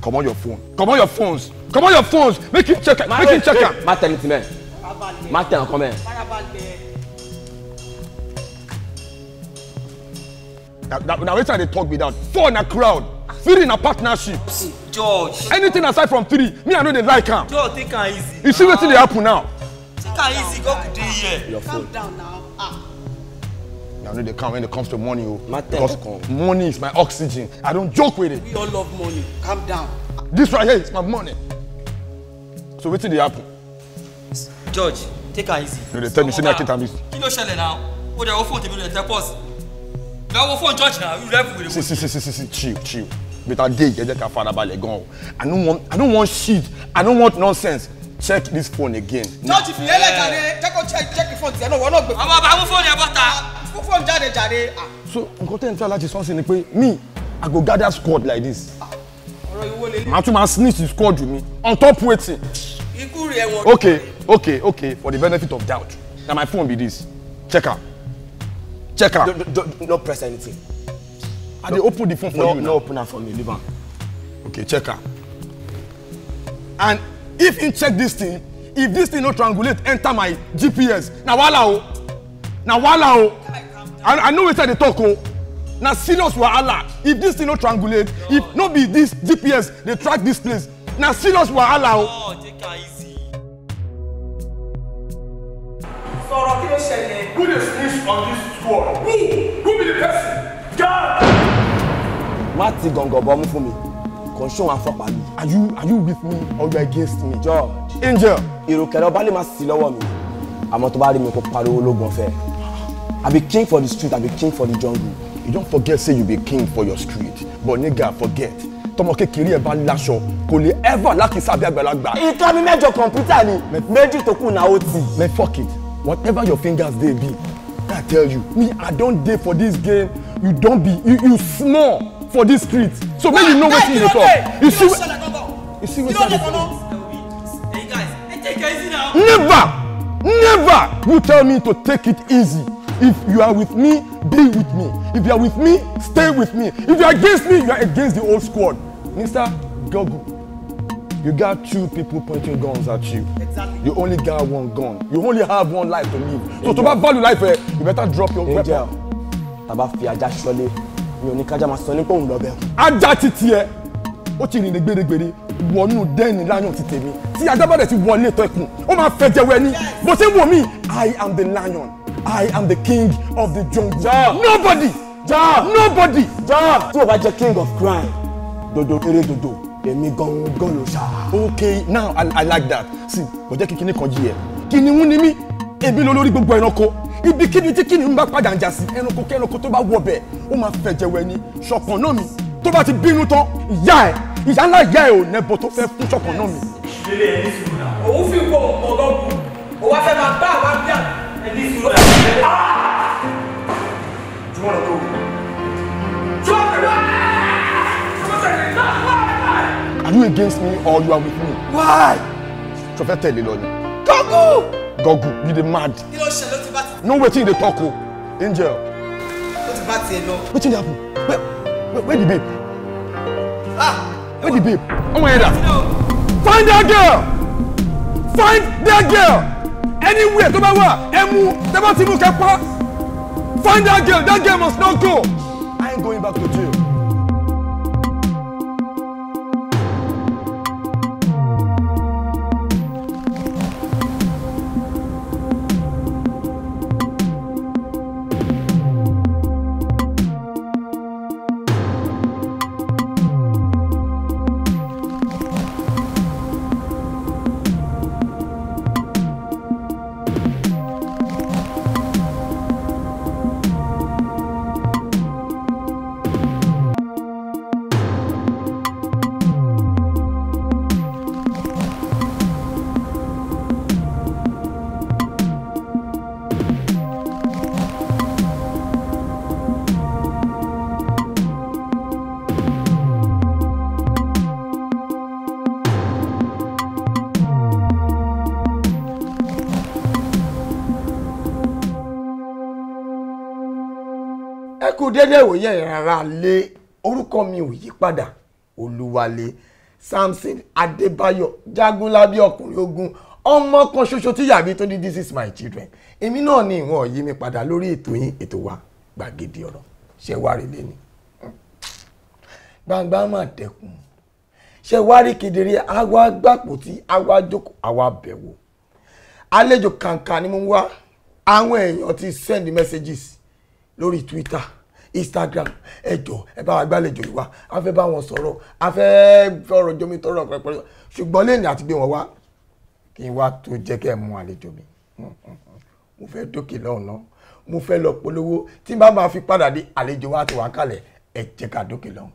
comot your phone comot your phones comot your phones make him check am make him check am. má tẹ ní tìmẹ̀ má tẹ ọkọ mẹ́. na wetin i dey talk be that four na crowd three na partnership. george anything aside from three me i no they like him. george take her easy. you see wetin dey happen now. take her easy go to dey here. calm down now. ah. I know they come when it comes to money. Oh. Because come. money is my oxygen. I don't joke with it. We all love money. Calm down. This right here is my money. So wetin dey happen? George, take her easy. No dey tell me say na take am easy. Kí ló ṣẹlẹ̀ na? O dey wo phone tèmi o dey tell pause. Na wo phone George now. You level with the phone. See, see, see, see, si chill chill bí ta dé yìí ẹ jẹ́ ká farabalẹ̀ gan i don't want i no want shit i don't want nonsense check this phone again. Not if you hear ni jẹ́kọ̀ check fóònù tiẹ̀ náà wọ́n náà gbé. àwọn bàbá mú fóònù ẹ̀ bọ́ta. mú phone jare jare. Ah. so nǹkan tẹ́ ń tẹ́ láti sọ́nsìn ni me i go gather squad like this. My ìwọ lè. màá tún máa snitch me on top waiting. okay okay okay for the benefit of doubt na my phone be this check am check am. Don't press anything. I dey open the phone for no, you now. No, opener for me, leave on. Okay, check am. And if you check this thing, if this thing no triangulate enter my GPS, Now, wahala o. Na wahala o. I, I know wetin I dey talk Oh, now serious wahala. If this thing no triangulate, no. if no be this GPS they track this place, Now, serious wahala Oh, take am easy. Who dey sneeze on this floor? Who? Who be the person? má ti gàngàn bọ́ mú fún mi kàn ṣóun afọ́pá mi. are you are you with me or you are against me. george angel. ìròkẹ̀rẹ̀ ọba lè máa sí lọ́wọ́ mi àmọ́ tó bá rí mi kó pariwo ológun ọ̀fẹ́ i be king for the street i be king for the jungle. you don't forget say you be king for your street but nigga forget tọmọ kékeré ẹ bá láṣọ kò lè ever lákìsà bí àgbàlagbà. ìka mi mẹ́jọ kọ̀ǹpútà ni méjì tó kù náà ó ti. man fuck it whatever your fingers dey be i tell you me i don dey for this game you don't be you you small for dis street so make you know wetin you dey talk you see you see wetin i dey never never you tell me to take it easy if you are with me be with me if you are with me stay with me if you are against me you are against the whole squad mr Gogo. you got two people pointing guns at you exactly. you only got one gun you only have one life to live so to bá value life eh you better drop your weapon tàbá fi ajá ṣọlé mi ò ní kájá máa sọ ní pòun lọ bẹ́ẹ̀. ajá ti tiẹ̀ ó ti rìn ní gbèrègbèrè wọnú dẹ́ni láyọ̀n ti tèmi tí ajá bá dẹ̀ ti wọlé tọ́ ẹkùn ó máa fẹ́ jẹ́wọ́ ẹni bó ṣe ń wò mí I am the lion I am the king of the jungle ja. nobody ja. nobody ja. tí o bá jẹ king of crime dodo eré dodo èmi gangan ló ṣá. okay now I, I like that see kò jẹ́ kí kinní kan jí ẹ kìnìún ni mí èmi lolórí gbogbo ẹranko ibikíbi tí kìnìún bá padà ń jà sí ẹranko kẹranko tó bá wọ bẹ́ẹ̀ ó máa fẹ̀jẹ̀ wẹ̀ ni ṣọ̀kan náà mi tó bá ti bínú tán ìyá ẹ̀ ìyá ńlá ìyá ẹ̀ ò nẹ́bọ̀ tó fẹ́ fún ṣọ̀kan náà mi. ìṣẹ̀lẹ̀ ẹni sùn òun fi kó ọgọ́gùn òun wá fẹ́ máa bá àwọn àbíyá ẹni sùn náà. jùmọ̀ lọ́tọ̀ jùmọ̀ lọ́tọ̀. Are you against me or you are with me? Why? Ṣọfẹ́ tẹ̀lé lọ ni. Kọ́kú! dọ́gù you dey mad. no wetin you dey talk o angel. ló ti bá tiẹ̀ wetin dey happen where where the babe. ah where the babe ọmọ yẹn dà. find that girl find that girl anywhere tó bá wà Emu, mú tẹ bá ti mú find that girl that girl must not go i ain't going back to jail. dédé ìwòye ìrara lé orúkọ mi ò yí padà olúwalé samson adébáyọ̀ jagunlábí ọkùnrin ogun ọmọ kan ṣoṣo tí yàbí tó ní this is my children èmi náà ni ìwọ̀n yí mi padà lórí ètò yín ètò wa gbàgede ọ̀rọ̀ ṣe wá rí lẹ́ni gbangba má dẹkùn ṣe wá rí kedere àwa gbàpò tí àwa jókòó àwa bẹ̀wò àlejò kàǹkà ni mo ń wá àwọn èèyàn ti send messages lórí Twitter instagram ẹjọ ẹ bá wa gbàlejò yìí wá a fẹ́ bá wọn sọ̀rọ̀ a fẹ́ fọ̀rọ̀ jomi tọrọ pẹpẹrẹ ṣùgbọ́n lẹni àti gbé wọn wá kí n wá tó jẹ́ kẹ́ mú àlejò mi mo fẹ́ dókè lọ́nà mo fẹ́ lọ polówó tí n bá máa fi padà dé àlejò wa ti wà kalẹ̀ ẹ jẹ́ ká dókè lọ́hùn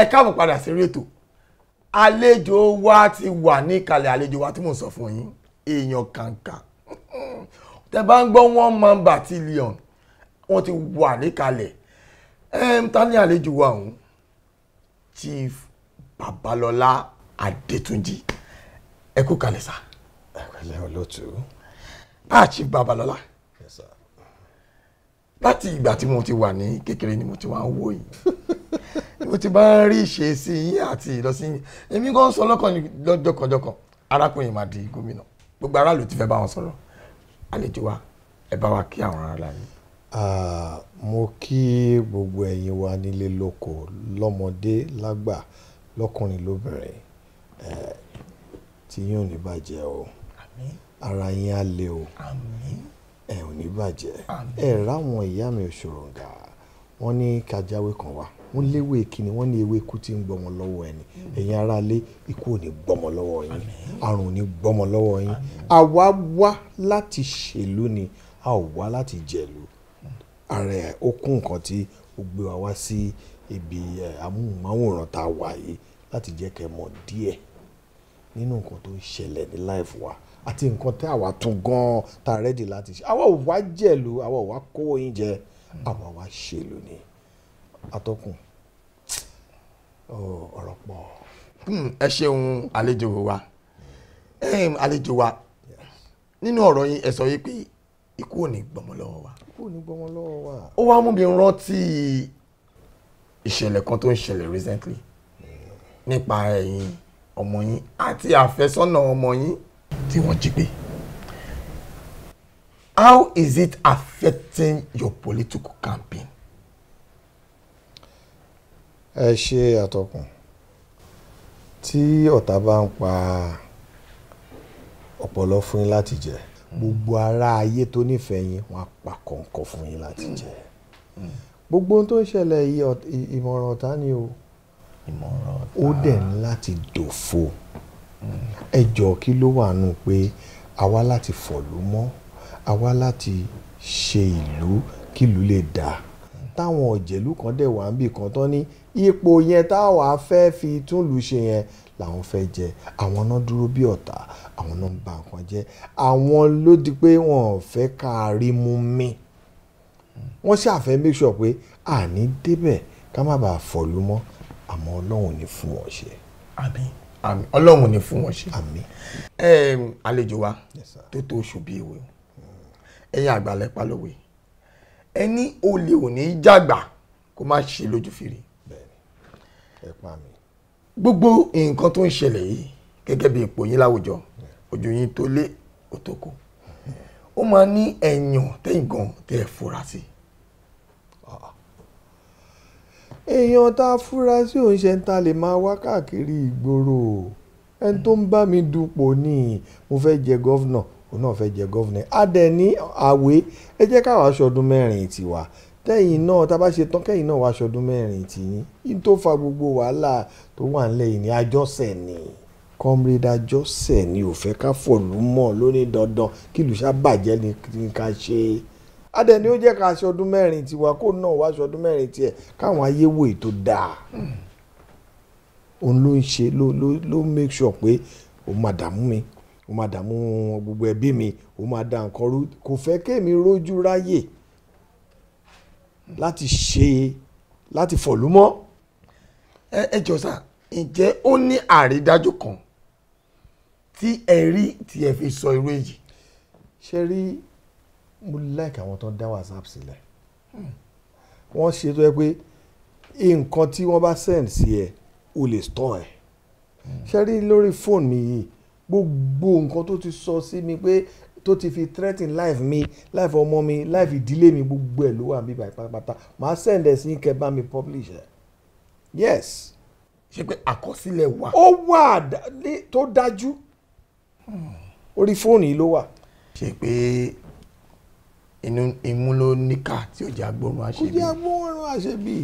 ẹ káàbọ̀ padà sí rétò àlejò wa ti wà níkàlẹ̀ àlejò wa tí mo sọ fún yín èèyàn kàǹkà tẹ bá ń gbọ́ one man battalion wọ́n ti wà níkàlẹ̀ um, ta ni àlejò wa òun Chief Babalọlá Adétúnjì ẹ kú kalẹ̀ sá. ẹ pẹ̀lẹ́ olóòtú. ah Chief Babalọlá. yes sir. láti ìgbà tí mo ti wà ní kékeré ni mo ti wá ń wò yìí mo ti bá ń rí ìṣesí yín àti ìlọsíyìn èmi kan sọ lọ́kàn lọ́jọ́kanjọ́kan arákùnrin máa di gómìnà gbogbo aráàlú ti fẹ́ bá wọn sọ̀rọ̀ àlejò wa ẹ bá wa kí àwọn ará yín. Mo kí gbogbo ẹ̀yin wa nílé lóko, lọ́mọdé lágbà, lọ́kùnrin lóbìnrin, eh, tí yín ní bàjẹ́ o. Àmín. Ara yín á le o. Àmín. Ẹ ò ní bàjẹ́. Àmín. Ẹ ráwọn ìyá mi òṣòròǹgà, wọ́n ní ká jáwé kan wá. Wọ́n léwé kíni, wọ́n ní ewé ikú tí ń gbọmọ lọ́wọ́ ẹni. Hmm. Ẹ̀yin ará ikú ò ní gbọmọ lọ́wọ́ yín. Àrùn ò ní gbọmọ lọ́wọ́ yín. Àwa wá láti ṣèlú ni, a ò wá láti jẹ̀lú ara ẹ̀ ó kún nǹkan tí ó gbé wa wá sí ibi amóhùnmáwòrán tá a wà yìí láti jẹ́ kẹ́ mọ̀ díẹ̀ nínú nǹkan tó ń ṣẹlẹ̀ ní láìfù wa àti nǹkan tí àwa tún gan-an tá a rẹ́dì láti ṣe àwa ò wá jẹ̀lú àwa ò wá kó yín jẹ àwa wá ṣèlú ni atọ́kùn ọ̀rọ̀ pọ̀. Hmm, ẹ ṣeun àlejò wa àlejò wa nínú ọ̀rọ̀ yín ẹ sọ yìí pé ikú ò ní gbọ́mọ lọ́wọ́ wa kò ní gbọmọ lọ́wọ́ wa. ó wá mú mi rántí ìṣẹ̀lẹ̀ kan tó ń ṣẹlẹ̀ recently nípa ẹ̀yin ọmọ yín àti àfẹ́sọ́nà ọmọ yín tí wọ́n jí gbé. How is it affecting your political campaign? ẹ ṣe àtọkùn tí ọ̀tá bá ń pa ọ̀pọ̀lọ́ fún yín láti jẹ gbogbo ará ayé tó nífẹ̀ẹ́ yín wọ́n á pa kọ̀ǹkọ̀ fún yín láti mm. jẹ mm. gbogbo ohun tó ń ṣẹlẹ̀ yìí ìmọ̀ràn ọ̀tá ni o ìmọ̀ràn ọ̀tá ó dẹ̀ ní láti dòfo mm. ẹ jọ kí ló wà nù pé àwa láti fọ̀lú mọ́ àwa láti ṣe ìlú kí ìlú lè dà táwọn òjèlú kan dẹ̀ wà ń bì kan tán ní ipò yẹn táwa fẹ́ fi túnlù ṣe yẹn làwọn fẹ́ jẹ àwọn náà dúró bí ọ̀tá àwọn náà ń ba nǹkan jẹ àwọn ló di pé wọn ò fẹ́ ká a rí mú mi wọ́n ṣàfẹ́ make sure pé àní débẹ̀ ká má bàa fọ̀lú mọ́ àmọ́ ọlọ́run ní fún wọn ṣe. àmín àmín ọlọ́run ní fún wọn ṣe. àmín. ẹ ẹ àlejò wa tó tó oṣù bíi ìwé ẹ̀yin àgbàlẹ̀ palówe ẹ ní olè òní jàgbà kó má ṣe lójú fèrè. bẹ́ẹ̀ni ẹ pa mi gbogbo nǹkan tó ń ṣẹlẹ̀ yìí gẹ́gẹ́ bí ipò yín láwùjọ ojú yín tó lé òtókò ó máa ní ẹ̀yàn tẹ̀yìn gan tẹ́ ẹ fura sí. èèyàn tá a fura sí òun ṣe ń ta lè máa wá káàkiri ìgboro ẹni tó ń bá mi dupò ní mo fẹ́ jẹ gọ́vnà òun náà fẹ́ jẹ gọ́vnà á ní àwé ẹ jẹ́ káwọn aṣọ mẹ́rin tiwa tẹ́yìn náà tá a bá ṣe tán kẹ́yìn náà wá aṣọ mẹ́rin tiyín yín tó fa gbogbo wàhálà tó wà nílẹ̀ yìí ní àjọṣe ni comrade àjọṣe ni ò fẹ́ ká fọ̀lú mọ́ lóní dandan kí ìlú ṣá bàjẹ́ ni ká ṣe é adẹni ó jẹ́ ká aṣọ ọdún mẹ́rin tiwa kó náà wá aṣọ ọdún mẹ́rin tiẹ̀ káwọn ayé wò ètò dáa òun ló ń ṣe ló ló ló make sure pé òun máa dààmú mi òun máa dààmú gbogbo ẹbí mi òun máa da nǹkan rú kò fẹ́ kémi rójú ráyè láti ṣe láti fọ̀lú mọ́. ẹ ẹ jọ sá ǹjẹ́ ó ní àrídájú kan tí ẹ rí tí ẹ fi sọ irú èyí. ṣe rí mo like àwọn tó ń dá whatsapp sílẹ̀ wọ́n ṣe tó yẹ pé nǹkan tí wọ́n bá send sí ẹ o lè store ẹ̀ ṣe rí lórí fóònù mi yìí gbogbo nǹkan tó ti sọ sí mi pé tó ti fi threaten life mi life ọmọ mi life ìdílé mi gbogbo ẹ̀ ló wà níbí báyìí pátápátá send ẹ̀ sí kẹ́ bá mi publish ẹ̀ yes ṣe pé àkọsílẹ̀ wà. ó wà tó dájú orí fóònù yìí ló wà. ṣe pé inú imú ló níkà tí ó jẹ́ agbórun àṣebí. ó jẹ́ agbórun àṣebí.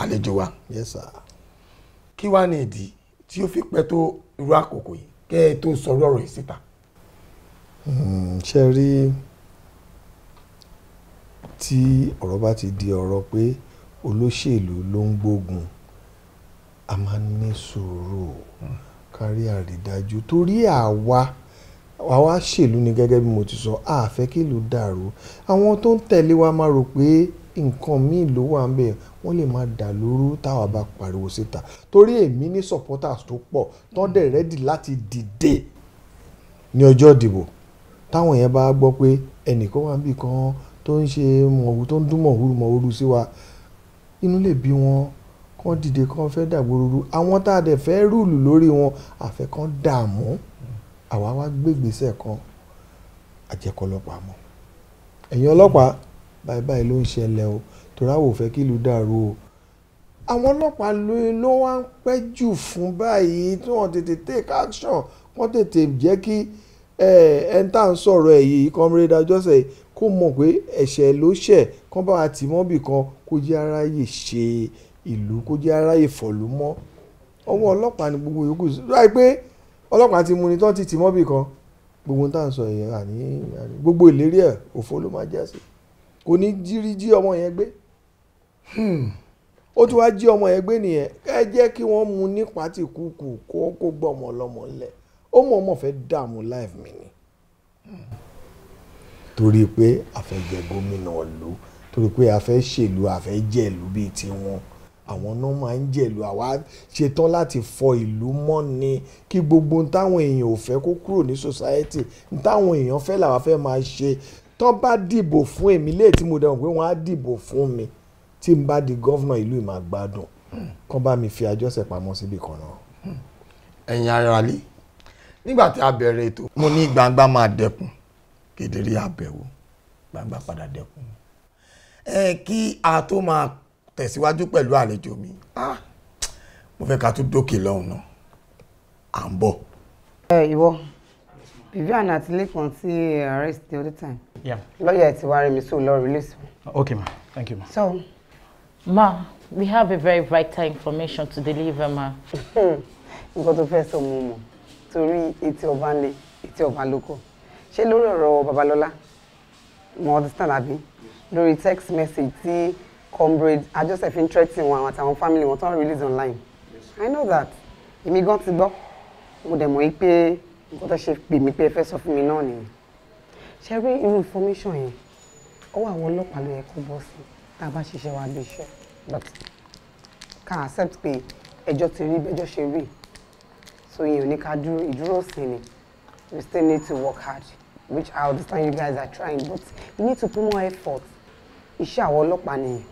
àlejò wa. yes sir. kí wàá ní ìdí tí ó fi pẹ́ tó irú àkókò yìí kẹ́ ẹ tó sọ ọ̀rọ̀ yìí síta. Hmm, ṣe rí tí ọ̀rọ̀ bá ti di ọ̀rọ̀ pé. Mm, olóṣèlú ló ń gbógun a máa ń ní sùúrù kárí àrídájú torí àwa àwa ṣèlú ni gẹ́gẹ́ bí mo ti sọ a fẹ́ kí ìlú dàrú àwọn tó ń tẹ̀lé wa máa rò pé nǹkan míì ló wà ń bẹ̀ wọ́n lè máa dà lóru táwa bá pariwo síta torí èmi ní supporters tó pọ̀ tán dẹ̀ rẹ́dì láti dìde ní ọjọ́ ìdìbò táwọn yẹn bá gbọ́ pé ẹnìkan wà níbì kan tó ń ṣe mọ̀húrú tó ń dún mọ̀húrú mọ̀húrú sí wa inú lè bí wọn kán dìde kán fẹ́ dàgbòrúurú àwọn tá a dẹ̀ fẹ́ rúùlù lórí wọn àfẹ́ kán dààmú àwa wá gbégbèsè kan àjẹkọ ọlọ́pàá mọ́ ẹ̀yin ọlọ́pàá báyìí báyìí ló ń ṣẹlẹ̀ o torí àwọn ò fẹ́ kí ìlú dàrú o àwọn ọlọ́pàá ló wá ń pẹ́ jù fún báyìí tí wọ́n tètè take action wọ́n tètè jẹ́ kí ẹ̀ ẹ̀ ń tà ń sọ̀rọ̀ ẹ̀ yìí comrade kó mọ̀ pé ẹ̀ṣẹ̀ ló ṣẹ̀ kán bá wa tì mọ́bì kan kó jẹ́ aráyè ṣe ìlú kó jẹ́ aráyè fọ̀lú mọ́ ọwọ́ ọlọ́pàá ni gbogbo yòókù láì pé ọlọ́pàá ti mú ni tán ti tì mọ́bì kan gbogbo tá à ń sọ yẹn àní gbogbo ìlérí ẹ̀ òfo ló máa jẹ́ sí kò ní jírí jí ọmọ yẹn gbé hmm. ó tún wáá jí ọmọ yẹn gbé nìyẹn ẹ jẹ́ kí wọ́n mú nípa tí kúkú kó gbọ́ ọmọ ọlọ́mọ ńlẹ̀ ó mọ̀ ọmọ fẹ́ dààmú life mi ni. Hmm torí pé a fẹ́ jẹ gómìnà ìlú torí pé a fẹ́ ṣèlú a fẹ́ jẹ̀lú bíi tiwọn àwọn náà máa ń jẹ̀lú àwa ṣetán láti fọ ìlú mọ́ ni kí gbogbo táwọn èèyàn ò fẹ́ kó kúrò ní society táwọn èèyàn fẹ́ làwa fẹ́ máa ṣe tán bá dìbò fún èmi léè tí mo dẹ̀wọ̀n pé wọ́n á dìbò fún mi tí n bá di gọ́vnà ìlú ìmọ̀ àgbàdùn kán bá mi fi àjọṣe pamọ́ síbi kan náà. ẹ̀yin aráalé nígbà tí a bẹ̀rẹ̀ ètò mo ní gbangba máa dẹkùn kedere àbẹ̀wò gbangba padà dẹkùn mi ẹ kí a tó máa tẹ̀síwájú pẹ̀lú àlejò mi ah, mo fẹ́ ká tún dókè lọ́hùn náà à ń bọ̀. ẹ ìwọ Vivian àti Lẹ́kan ti arrest the other time lọ́ọ̀yà ẹ̀ ti wá rí mi so lọ́ọ́ release. okay ma thank you ma. so. ma we have a very vital information to deliver ma. nǹkan tó fẹ́ sọ mo mọ̀ torí etí ọba ń lé etí ọba lóko ṣé lórí ọ̀rọ̀ Babalọ́lá mo understand àbí lórí text message tí comrade Josephine threatening wọn àtàwọn family wọn tó ń release online I know that èmi gan ti gbọ́ mo dẹ̀ mọ̀ pé nǹkan tó ṣe pè mí pé ẹ fẹ́ sọ fún mi náà nìyẹn ṣe rí irú information yẹn ọwọ́ àwọn ọlọ́pàá ló yẹ kó bọ́ sí tá a bá ṣiṣẹ́ wa bí iṣẹ́ but can accept pé ẹjọ́ ti rí bẹ́jọ́ ṣe rí so yẹn ò ní ká dúró ìdúró sí ni we still need to work hard which I understand you guys are trying but you need to put more effort iṣẹ́ àwọn ọlọ́pàá nìyẹn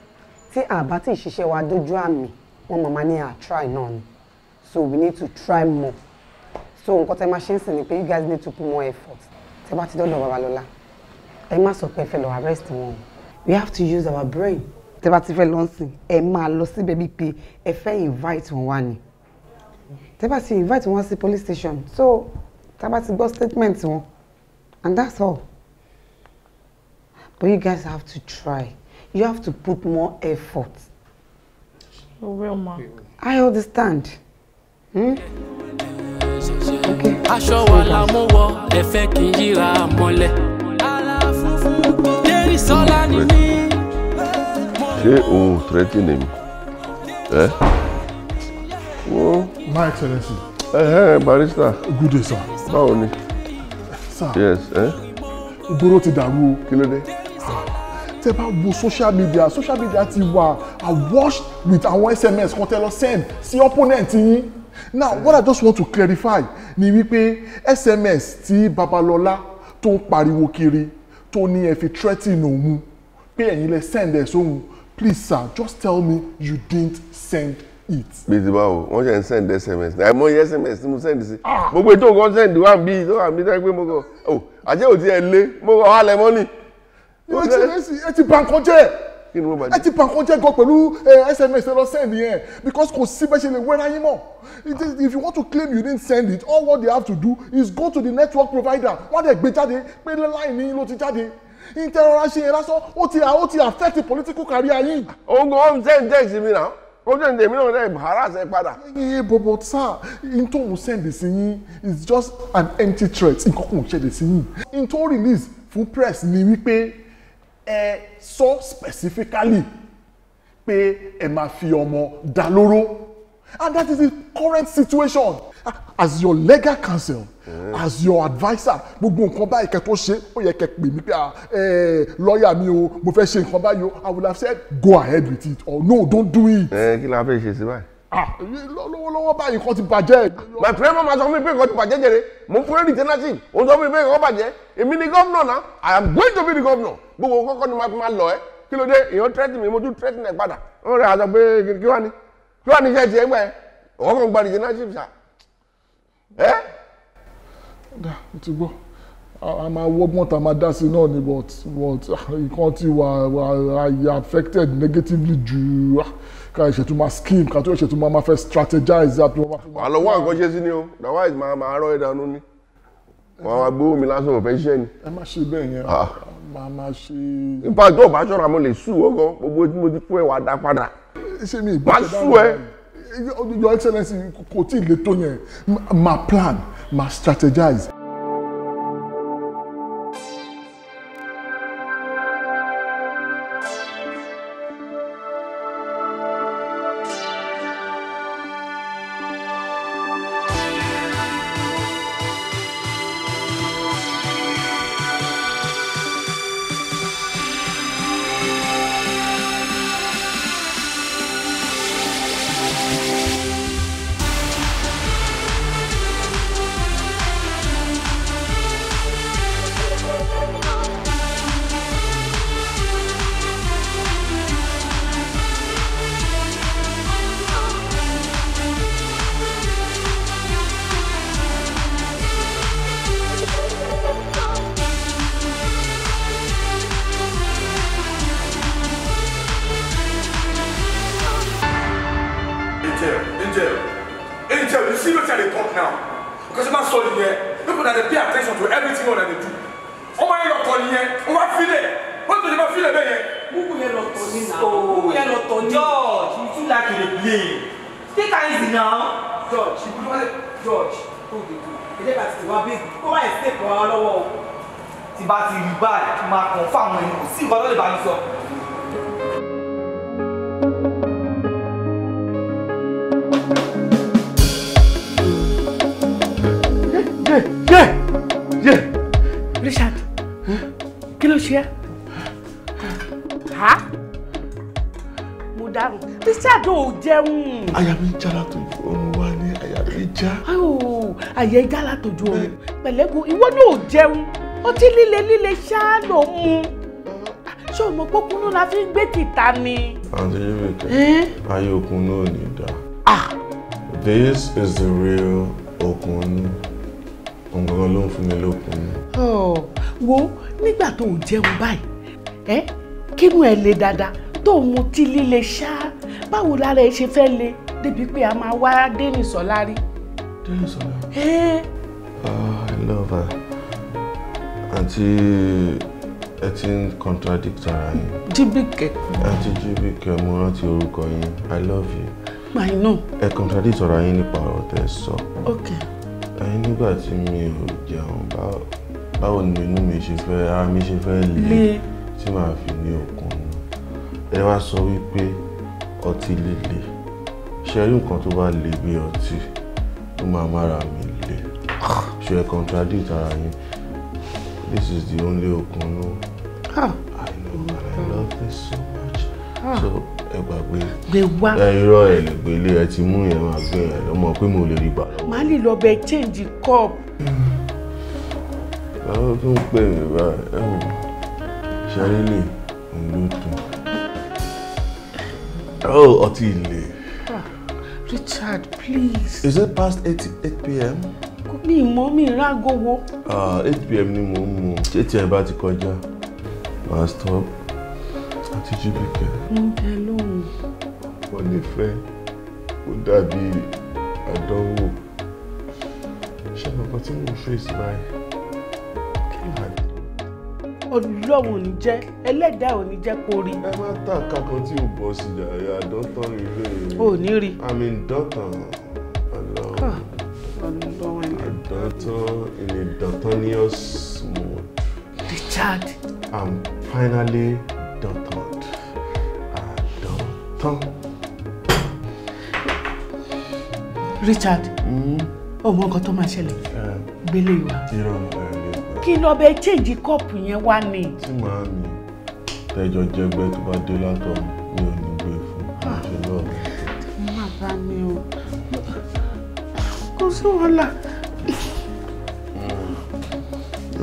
tí àbá tí ìṣiṣẹ́ wa dójú àmì wọn màmá ní à try náà ni so we need to try more so nǹkan tẹ máa ṣe ń ni pé you guys need to put more effort tẹ bá ti dọ́dọ̀ babalọ́lá ẹ má sọ so ẹ fẹ́ lọ arrest wọn we have to use our brain tẹ bá ti fẹ́ lọ sìn ẹ máa lọ síbẹ̀ bíi pé ẹ fẹ́ invite wọn wá ni tẹ bá ti invite wọn sí police station so tá bá ti gbọ́ statement wọn. And that's all. But you guys have to try. You have to put more effort. real, ma. I understand. Hmm? Okay. Aṣọ wa la mú wọ, ẹ fẹ́ Ṣé òun threatening ni mi? Ẹ́ wo. My excellency. Ẹ ẹ barista. Good day sir. Báwo ni? yes eh? ìgboro ti dàrú o. kí ló dé. tẹ bá wo social media social media ti wà awash with àwọn sms kan tẹ lọ send sí opponent yín now what i just want to clarify ni wípé sms ti Babalọlá tó ń pariwo kiri tó ní ẹ fi threatening òun pé ẹ̀yin lẹ send ẹ̀ sóhun please sir just tell me you didn't send It. bíi báwo wọ́n ṣe ń send sms náà àìmọye sms tí mo send sí. gbogbo ètò nǹkan send wà bí tó wà bí tó pé mo kọ ọ àti ò tí ẹ lé mo kọ wà lẹ mọ́nì. ìwé ti ẹsì ẹ ti bà nǹkan ẹ ti bà nǹkan gan pẹ̀lú sms lọ send yẹn because kò sí bẹ́ẹ̀ ṣe lè wẹ́rẹ́ ayé mọ́ if you want to claim you didn't send it all what they have to do is go to the network provider wọ́n dẹ̀ gbé jáde pé láì ní ló ti jáde interrora ṣe yẹn lásán ó ti ó ti affect the political career yín. òun kò ń send text mi náà ó jẹ́ ǹjẹ́ mi rẹ̀ bàárà ṣe padà. ẹ bọ̀bọ̀ sá in tó ń sẹ́ndì sí yín is just an empty threat nǹkan kan ò ṣẹlẹ̀ sí yín in tó release fún press ni wípé ẹ sọ specifically pé ẹ máa fi ọmọ dá lóró and that is the current situation as your legal counsel mm. as your adviser gbogbo nǹkan báyìí kẹ́ tó ṣe ó yẹ kẹ́ pè mí pé ah, eh, lọ́ọ̀yà mi o mo fẹ́ ṣe nǹkan báyìí o i would have said go ahead with it or no don't do it. ẹ eh, kí la fẹ́ ṣe sí báyìí. ah lọ́wọ́lọ́wọ́ báyìí nǹkan ti bàjẹ́. my friend mama sọ fún mi pé nǹkan ti bàjẹ́ jẹrẹ mo fún ẹni tẹ́lẹ̀tì ó sọ fún mi pé nǹkan bàjẹ́ èmi ni gómìnà náà i am going to be the governor. gbogbo kọ́kọ́ ni màá fi máa lọ ẹ kí ló dé èèyàn tẹ́tì mi mo tún tẹ́tì náà padà ó rẹ̀ àjọ pé kí wá ni kí wá ni iṣẹ́ tiẹ̀ gbà ẹ̀ ọ̀kọ̀ ẹ́. dá o ti gbọ́ a máa wọ́gbọ́n tá a máa dá sí náà ni but but ah, nǹkan ti wà wà affected negatively jù ah, ká ìṣètò máa scheme ká tó ìṣètò máa fẹ́ strategize àti wọ́n máa. àlọ́ wà nǹkan ṣe sí ni o na why máa máa rọ́ ẹ̀dá nínú ni wọ́n máa gbówó mi lásán òfẹ́ iṣẹ́ ni. ẹ má ṣe bẹ́ẹ̀ yẹn máa ah. máa ṣe. nípa tó o bá ṣọ́ra mo lè sùn ó gbogbo tí mo ti fún ẹ wàá dá padà. ṣé mi ìgbésẹ̀ dáhùn báyìí your excellency kò tí ì le tó yẹn ma plan ma strategize yẹ igá látòjú omi pẹ̀lẹ́gùn ìwọ náà ò jẹun ọtí líle líle ṣáá ló mu ṣé o mọ̀ pé kúnú la fi ń gbé tìta ni. àǹtí Jùmọ̀kẹ́ ayé okun náà ní dá this is the real okun ọ̀gọ̀ngàn ló ń fún mi lókun. wo nígbà tó ò jẹun báyìí ẹ kínú ẹ le dáadáa tó o mu tí líle ṣáá báwo lára ẹ ṣe fẹ́ le débi pé a máa wá dénìsọ́lá rí. dénìsọ́lá ah i love her àǹtí ẹ ti ń contradict ara yín. jíbìkẹ́. àǹtí jíbìkẹ́ mo i love you. i know. ẹ contradict ara yín nípa ọ̀rọ̀ tẹ́ ẹ sọ. ok. ẹyin nígbà tí mi ò jẹun báwo ni inú mi ṣe fẹ́ ara mi ṣe fẹ́ le tí màá fi ní okun nù ẹ wá sọ wípé ọtí líle ṣe rí nǹkan tó bá ṣe contradict ara this is the only okun ah i know and i hmm. love this so much ah. so ẹ gbàgbé gbé wá irọ́ ẹ̀ lè gbé ilé ẹ ti mú yẹn máa gbé yẹn lọ́mọ pé mo lè rí gbà. màá lè lọ change cup. àwọn tó ń pè mí báyìí ẹ wò ṣẹ́rí oh ọtí Richard please. is it past eight eight pm mi mọ́ mi rágowó. eight pm ni mò ń mu ṣé tí ẹ bá ti kọjá màá stop àti jíbìkẹ́. mo bẹ lóhùn. wọ́n lè fẹ́ ó dàbí àdánwò ṣé nǹkan tí mò ń fẹ́ sí báyìí kí ló dé. Ọlọ́run ò ní jẹ́ ẹlẹ́dàá ò ní jẹ́ kó rí. ẹ má tàn kankan tí ò bọ́ sí i àdọ́tàn ilé. ò ní rí. àmì dọ́tàn. hospital in a Daltonius mood. Richard. I'm finally Dalton. Uh, Dalton. Richard. ọmọ hmm? nǹkan tó máa ṣẹlẹ̀ eh. gbélé you. Eh, kí lọ bẹ change the cup yẹn wá ni. tí màá mi tẹjọ jẹgbẹ tó bá dé látọ mi ò ní gbé fún àṣẹ lọrọ. Ah. má bá mi o kò sí wàhálà.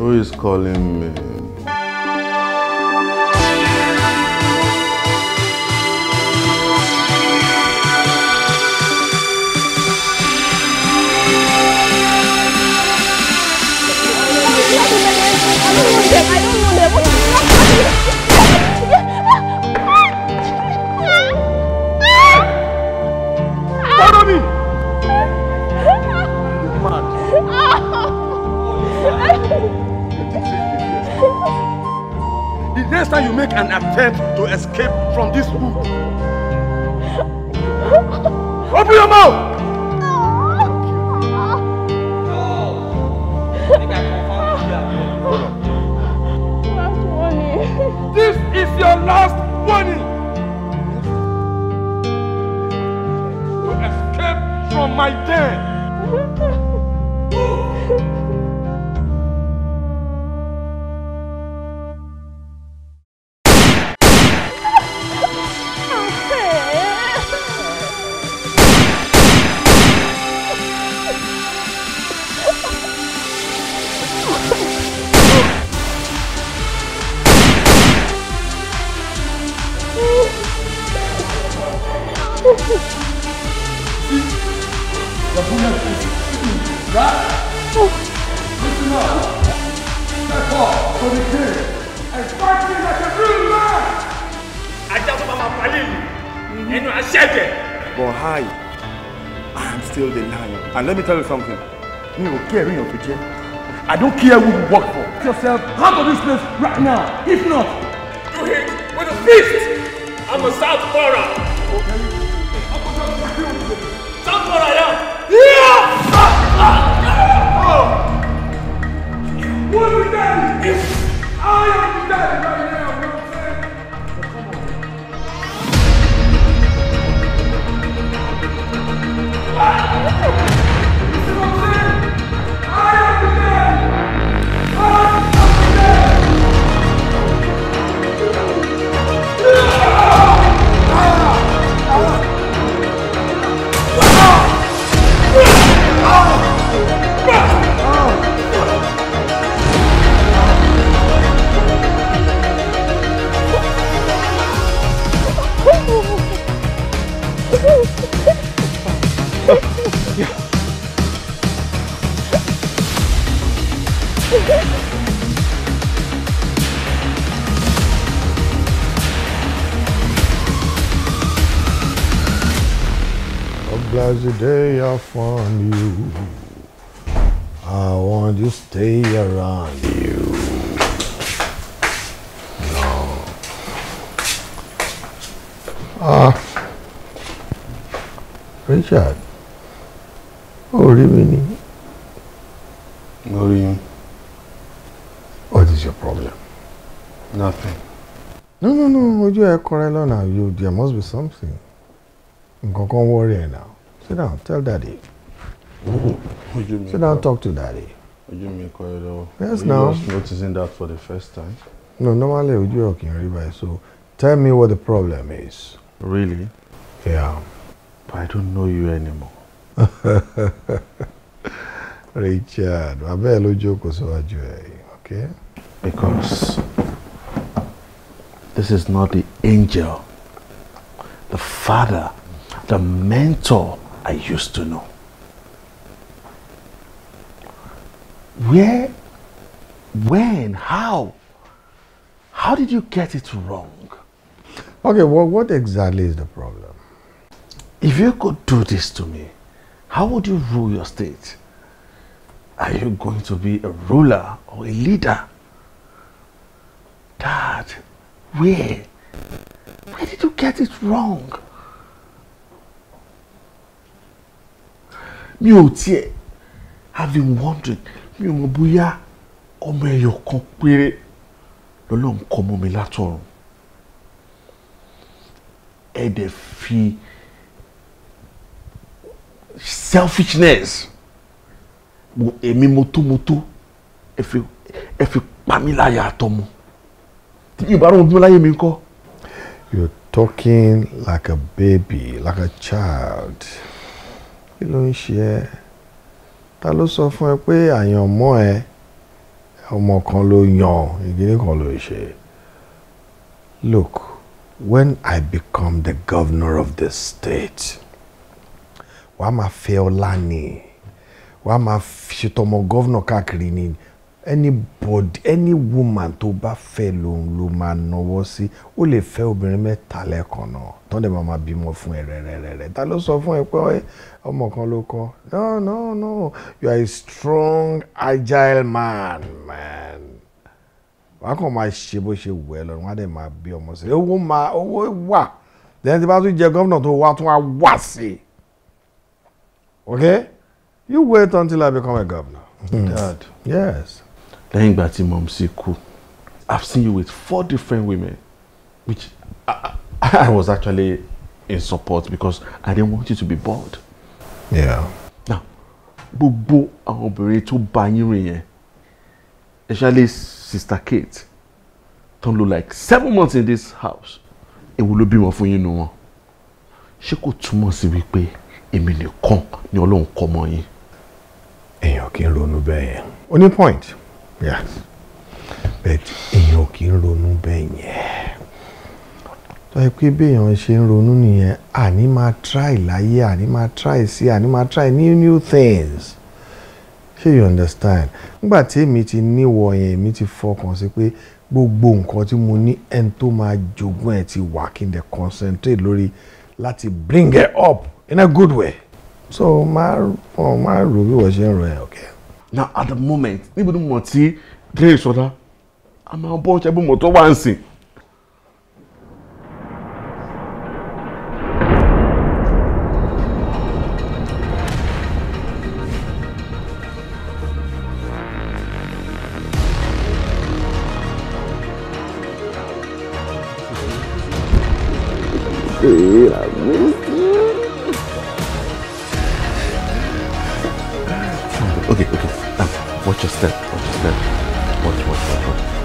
Who is calling me? Follow me! the next time you make an attempt to escape from this hood. Open your mouth! No. This is your last warning to escape from my den. let me tell you something. you ò kí ẹ̀rí èèyàn I don't care who you work for. Get yourself out of this place right now. If not, you hit with a fist. I'm a South Foreigner. Okay. the day I found you. I want to stay around you. No. Ah. Richard. Oh, really? No, you. What is your problem? Nothing. No, no, no. Would you correct now? You, there must be something. Nǹkan kan worry now. Sit down. Tell daddy. Sit down. Talk to daddy. Ojumi Koyodo. Yes, you now. Just noticing that for the first time. No, normally we joke in river. So tell me what the problem is. Really? Yeah. But I don't know you anymore. Richard, I ló jókòó síwájú ẹ̀, okay? Because this is not the angel, the father, the mentor I used to know. Where, when, how? How did you get it wrong? Okay, well, what exactly is the problem? If you could do this to me, how would you rule your state? Are you going to be a ruler or a leader? Dad, where? Where did you get it wrong? mi ò tiẹ̀ i've been wondering mi ò mọ̀ bóyá ọmọ ẹyọ kan péré lọ́lọ́run kọ mọ́ mi látọ̀run ẹ dẹ̀ fi selfishness èmi motomoto ẹ fi ẹ fi pa mí láyà àtọmọ tìbí ìbára ọdún láyé mi ńkọ́. you're talking like a baby like a child kí ló ń ṣe ẹ́ ta ló sọ fún ẹ pé àyànmọ́ ẹ ọmọ kan ló yàn ìgbìnrin kan ló ṣe look when I become the governor of the state wàá máa fẹ́ ọlá ni wàá máa ṣètọ́mọ gọ́vnà káàkiri ni anybody any woman tó bá fẹ́ lòun ló máa náwó sí ó lè fẹ́ obìnrin mẹ́ta lẹ́ẹ̀kan náà tọ́ndẹ̀ máa bímọ fún ẹ rẹ̀rẹ̀rẹ̀ ta ló sọ fún ẹ pé ọmọ kan ló kọ no no no you are a strong agile man man wàá kàn máa ṣe bó ṣe wù ẹ́ lọ wọn á dẹ̀ máa bí ọmọ sí i owó máa owó wà lẹ́yìn tí bá tún jẹ gómìnà tó wá tún wá wà sí i okay you wait until I become a governor. Mm. dad yes. lẹ́yìn ìgbà tí mom sí kú I've seen you with four different women which I, I was actually in support because I didn't want you to be bored gbogbo àwọn obìnrin tó bá yín rìn yẹn especially sister Kate tó ń like seven months in this house èwo ló bímọ fún yín nu wọn ṣé kò túmọ̀ sí wípé èmi nìkan ni ọlọ́run kọ́ mọ́ yín. èèyàn kì í ronú bẹ́ẹ̀ yẹn ó ní point yes but èèyàn kì í ronú bẹ́ẹ̀ yẹn tó yẹ pé béèyàn ṣe ń ronú nìyẹn àní máa try láyé àní máa try sí àní máa try new new things ṣé you understand nígbà tí èmi ti níwọ̀ yẹn èmi ti fọkàn sí pé gbogbo nǹkan tí mo ní ẹni tó máa jogún ẹ̀ ti wà kí n dẹ̀ concentrate lórí láti bring it up in a good way so máa máa rò bí wọ́n ṣe ń rò ẹ̀ okay. now at the moment níbo ni mo ti dé ìsọdá a máa bọ́ ṣe bí mo tó wá ń sìn.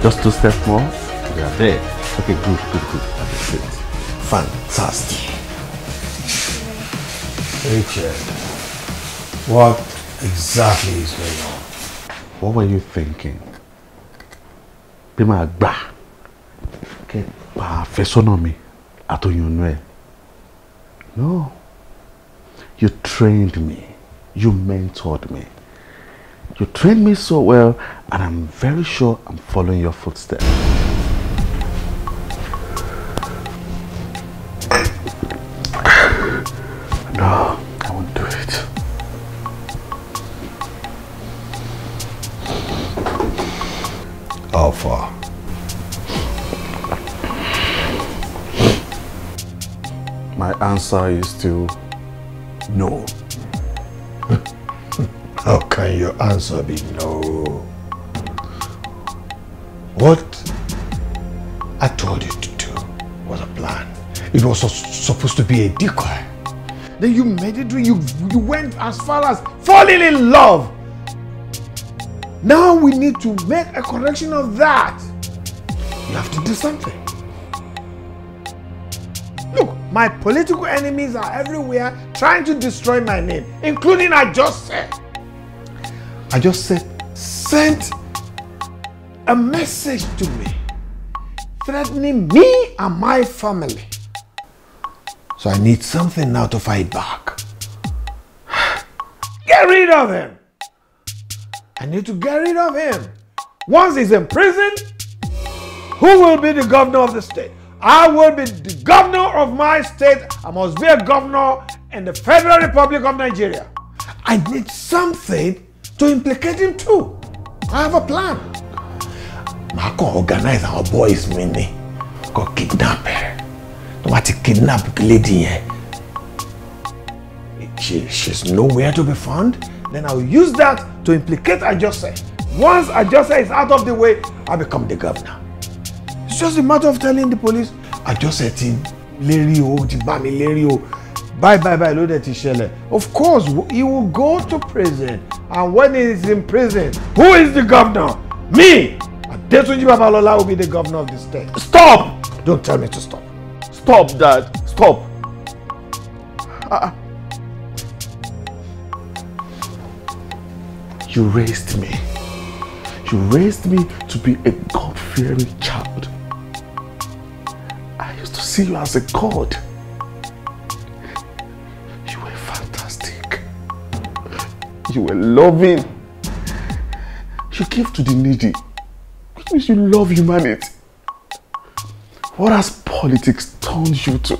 Just two steps more. We are there. Okay, good, good, good. That is it. Fantastic. Richard, what exactly is going on? What were you thinking? Bí máa gbà kẹ́ pa àfẹ́sọ́nà mi àtòyànnú ẹ̀. No. You trained me. You mentored me. You trained me so well, and I'm very sure I'm following your footsteps. No, I won't do it. How far? My answer is still no. How can your answer be no? What I told you to do was a plan. It was supposed to be a decoy. Then you made it, you, you went as far as falling in love. Now we need to make a correction of that. You have to do something. Look, my political enemies are everywhere trying to destroy my name, including I just said. I just said, sent a message to me threatening me and my family. So I need something now to fight back. Get rid of him. I need to get rid of him. Once he's in prison, who will be the governor of the state? I will be the governor of my state. I must be a governor in the Federal Republic of Nigeria. I need something to implicate him too. I have a plan. Màá kàn organize our boys Mini, go kidnap her. Tó bá ti kidnap lady yẹn. She, she's nowhere to be found. Then I'll use that to implicate Ajose. Once Ajose is out of the way, I become the governor. It's just a matter of telling the police. Ajose ti lérí o, ti bá o. bye bye. báyìí ló dẹ̀ of course he will go to prison and when he is in prison who is the governor me Adetunji Babalola will be the governor of the state. Stop! Don't tell me to stop. Stop, Dad. Stop. Ah, ah. you raised me. You raised me to be a God-fearing child. I used to see you as a God. You were loving. You gave to the needy. Which means you love humanity. What has politics turned you to?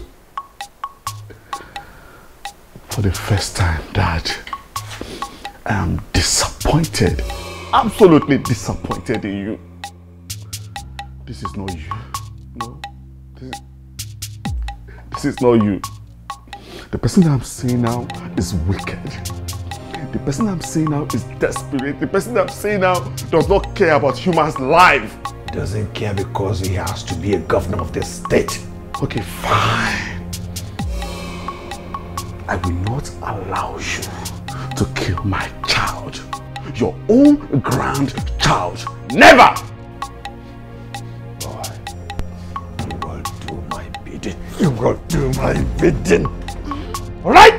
For the first time, Dad, I am disappointed. Absolutely disappointed in you. This is not you. No. This is, this is not you. The person that I'm seeing now is wicked. The person I'm seeing now is desperate. The person I'm seeing now does not care about humans' life. doesn't care because he has to be a governor of the state. Okay, fine. I will not allow you to kill my child. Your own grandchild. Never! Boy, you will do my bidding. You will do my bidding. Alright?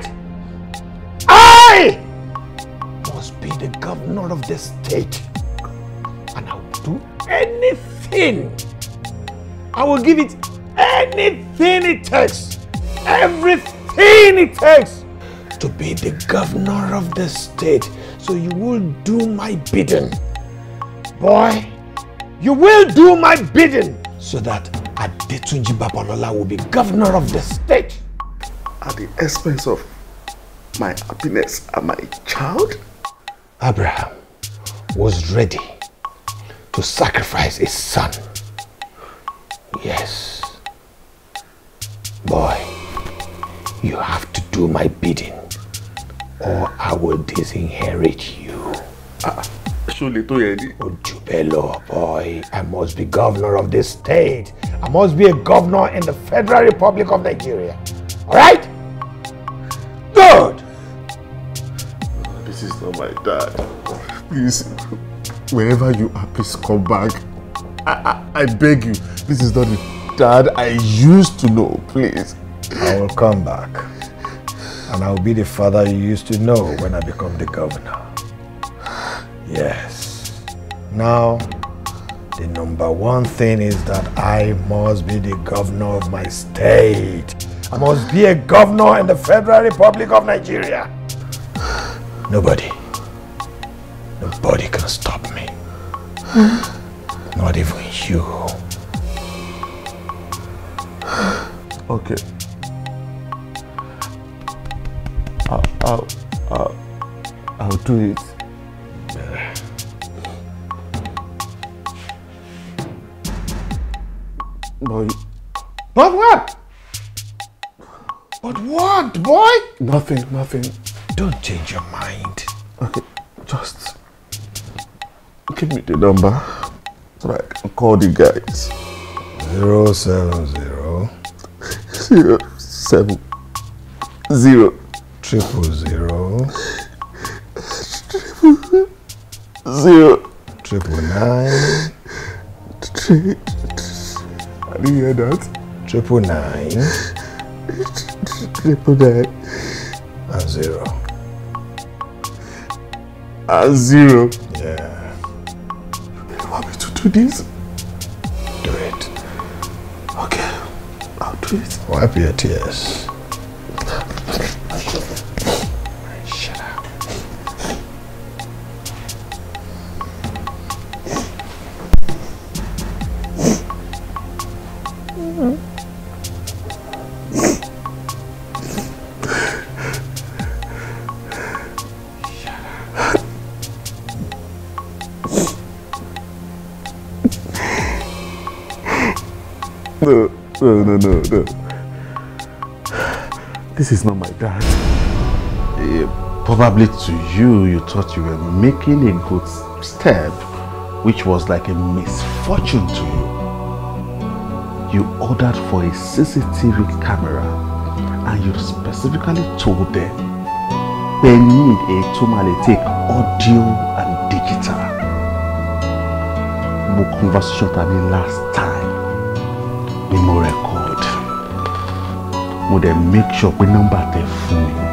of the state. And I will do anything. I will give it anything it takes. Everything it takes to be the governor of the state. So you will do my bidding. Boy, you will do my bidding so that Adetunji Babalola will be governor of the state. At the expense of my happiness and my child? Abraham, was ready to sacrifice his son. Yes. Boy, you have to do my bidding or I will disinherit you. Surely, Uh, Ojubelo, boy, I must be governor of this state. I must be a governor in the Federal Republic of Nigeria. Alright? Good! This is not my dad. Please, wherever you are, please come back. I, I, I beg you. This is not the dad I used to know. Please. I will come back. And I will be the father you used to know when I become the governor. Yes. Now, the number one thing is that I must be the governor of my state. I must be a governor in the Federal Republic of Nigeria. Nobody Nobody can stop me. Not even you. Okay. I'll, I'll, I'll, I'll do it. Boy. But what? But what, boy? Nothing, nothing. Don't change your mind. Okay, just give me the number so I can call the guys. Zero seven zero. Zero seven zero. Triple zero. Triple zero. Triple nine. Triple nine. Triple nine. And zero. And zero. Yeah. do this? Do it. Okay, I'll do it. Wipe your tears. no, no. This is not my dad. Uh, probably to you, you thought you were making a good step, which was like a misfortune to you. You ordered for a CCTV camera and you specifically told them they need a tomaletic audio and digital. Mo conversation tani last time ni mo dẹ̀ make sure pé nọ́mbà tẹ fún mi mo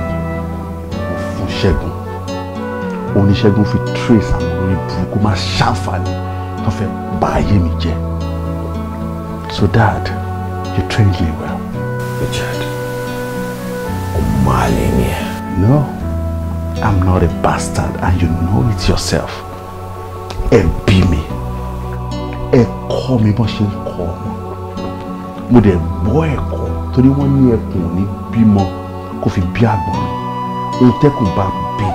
fún ṣẹ́gun oníṣẹ́gun fi trace àwọn olórí burúkú máa ṣàǹfààní tó fẹ́ bà ayé mi jẹ́ so dad you trained me well. Richard ọmọ àlè ni ẹ. no i'm not a bastard and you know it yourself ẹ bí mi ẹ kọ́ mi bó ṣe ń kọ́ mo dẹ̀ gbọ́ ẹ̀kọ́ torí wọ́n ní ẹkùn ní bímọ kó fi bí àgbọ̀n ohun tẹ́kùn bá bí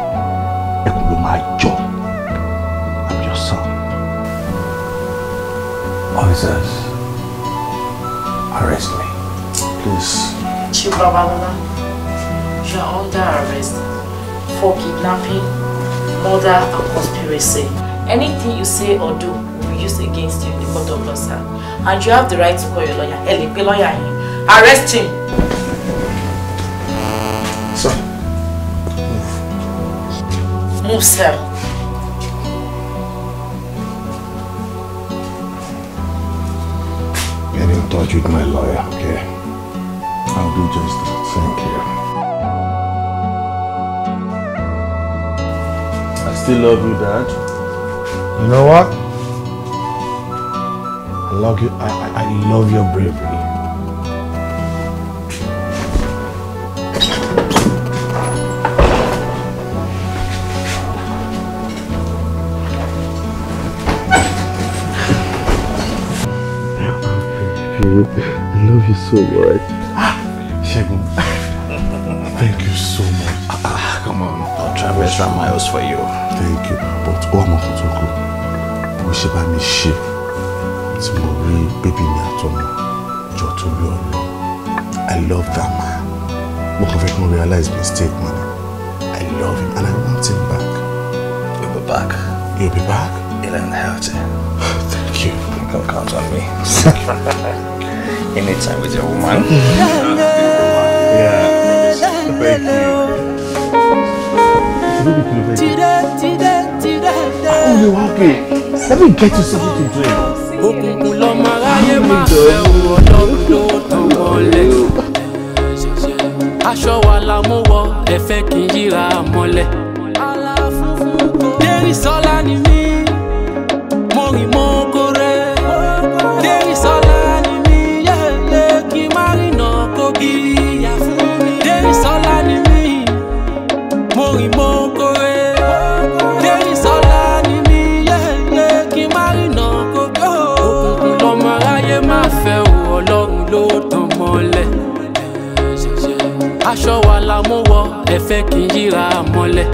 ẹkùn ló máa jọ I'm Officers, arrest me. Please. Chief Babalola, you are under arrest for kidnapping, murder, and conspiracy. Anything you say or do will be used against you in the court of law, sir. And you have the right to call your lawyer. Ẹ lè pe lọ́yà yín. Arrest him. Sir. Move. Move, sir. Get in touch with my lawyer, okay? I'll do just that. Thank you. I still love you, Dad. You know what? I love you. I, I, I love your bravery. you. I love you so much. Ah, Ṣẹ́gun, thank you so much. Ah, ah come on, I'll travel extra miles for you. Thank you, but ó àmọ́ kan we kù. Mo ṣe bá mi ṣe tí mo rí bébí mi àtọmọ jọ tó rí I love that man. Mo kàn fẹ́ kí realize mistake man. I love him and I want him back. You'll be back. You'll be back? He'll inherit it. Thank you. Don't count on me. anytime with your woman. you. Let me get you something to drink. Òkùnkùn Aṣọ wa la mú wọ, ẹ̀fẹ́ kì í yíra mọ́lẹ̀. Dérìsọ́lá ni mí, mo rìn mọ́. aṣọ wa la mú wọ ẹ fẹ́ kí n yíra mọ́lẹ̀.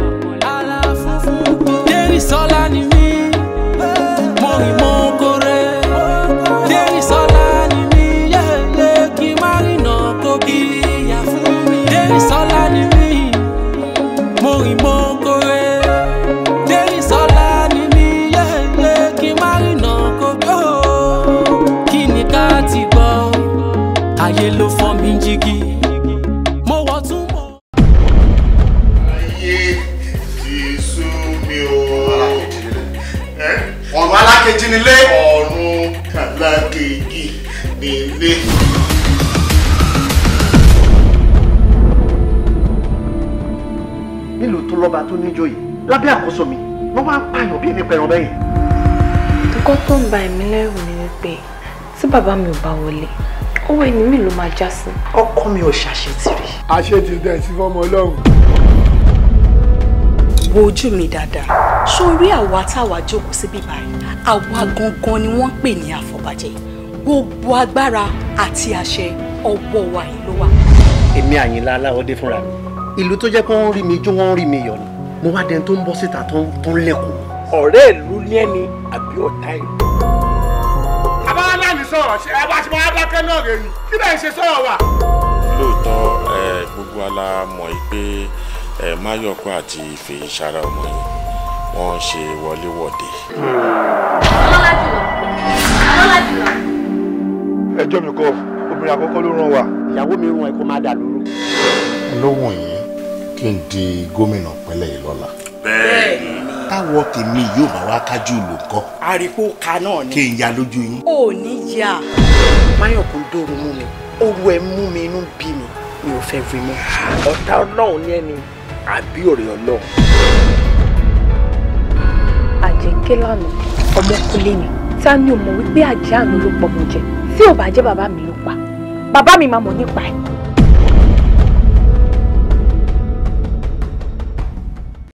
nílé. ọ̀run kàlákejì nílé. nílùú tó lọ́ba tó níjòyè lábẹ́ àkóso mi wọ́n máa ń pààyàn bí èmi pẹ̀ràn bẹ́yẹn. nǹkan tó ń ba èmi lẹ́rù ni wípé tí bàbá mi ò bá wọlé owó ẹni mi ló máa já sí. ọkọ mi ò ṣàṣetìrì. àṣetìrì dẹ̀ sí fọmọ ọlọ́run. wo ojú mi dáadáa ṣó rí àwa táwa jókòó síbí báyìí àwa gangan ni wọ́n ń pè ní àfọ̀bàjẹ́ gbogbo agbára àti àṣẹ ọwọ́ wa yìí ló wà. èmi àyìnlá aláwọ̀dé fúnra mi ìlú tó jẹ́ pé wọ́n rí mi jó wọ́n rí mi yọ̀ ni mo wá dẹni tó ń bọ́ síta tó ń lẹ́kùn. ọ̀rẹ́ ìlú ní ẹni àbí ọ̀tá ìlú. bàbá aláàánú sọ̀rọ̀ ṣe ẹ bá náà rẹ̀ yìí kí lẹ́yìn ṣe sọ̀rọ̀ wà. lóòótọ́ gbogbo ala mọ̀ pé máyọ̀kọ́ àti ìfèyí sára ọmọ yìí wọ́n ń ṣe wọléwọ̀de. ẹjọ́ mi kọ́ obìnrin àkọ́kọ́ ló ràn wá. ìyàwó mi rún ẹ kó má dà lóru. lóhùn yìí kí n di gómìnà pẹ́lẹ́ yìí lọ́la. bẹ́ẹ̀ ni táwọn tèmi yóò bá wá kájú ìlú nǹkan. àríkó ka náà ni. kí n ya lójú yín. ò ní ya. máyọ̀kún dòrò mú mi oru ẹ̀ mú mi inú bí mi mi ò fẹ́ fi mọ́. ọ̀tá ọlọ́run ní ẹni àbí ọ̀rẹ́ ọlọ́run àjẹké lánàá ọmọkùnlé mi ta ni o mọ̀ wípé àjẹ́ àánú ló pọ̀ mọ́ jẹ tí ò bá jẹ́ bàbá mi ló pa bàbá mi máa mọ̀ nípa ẹ̀.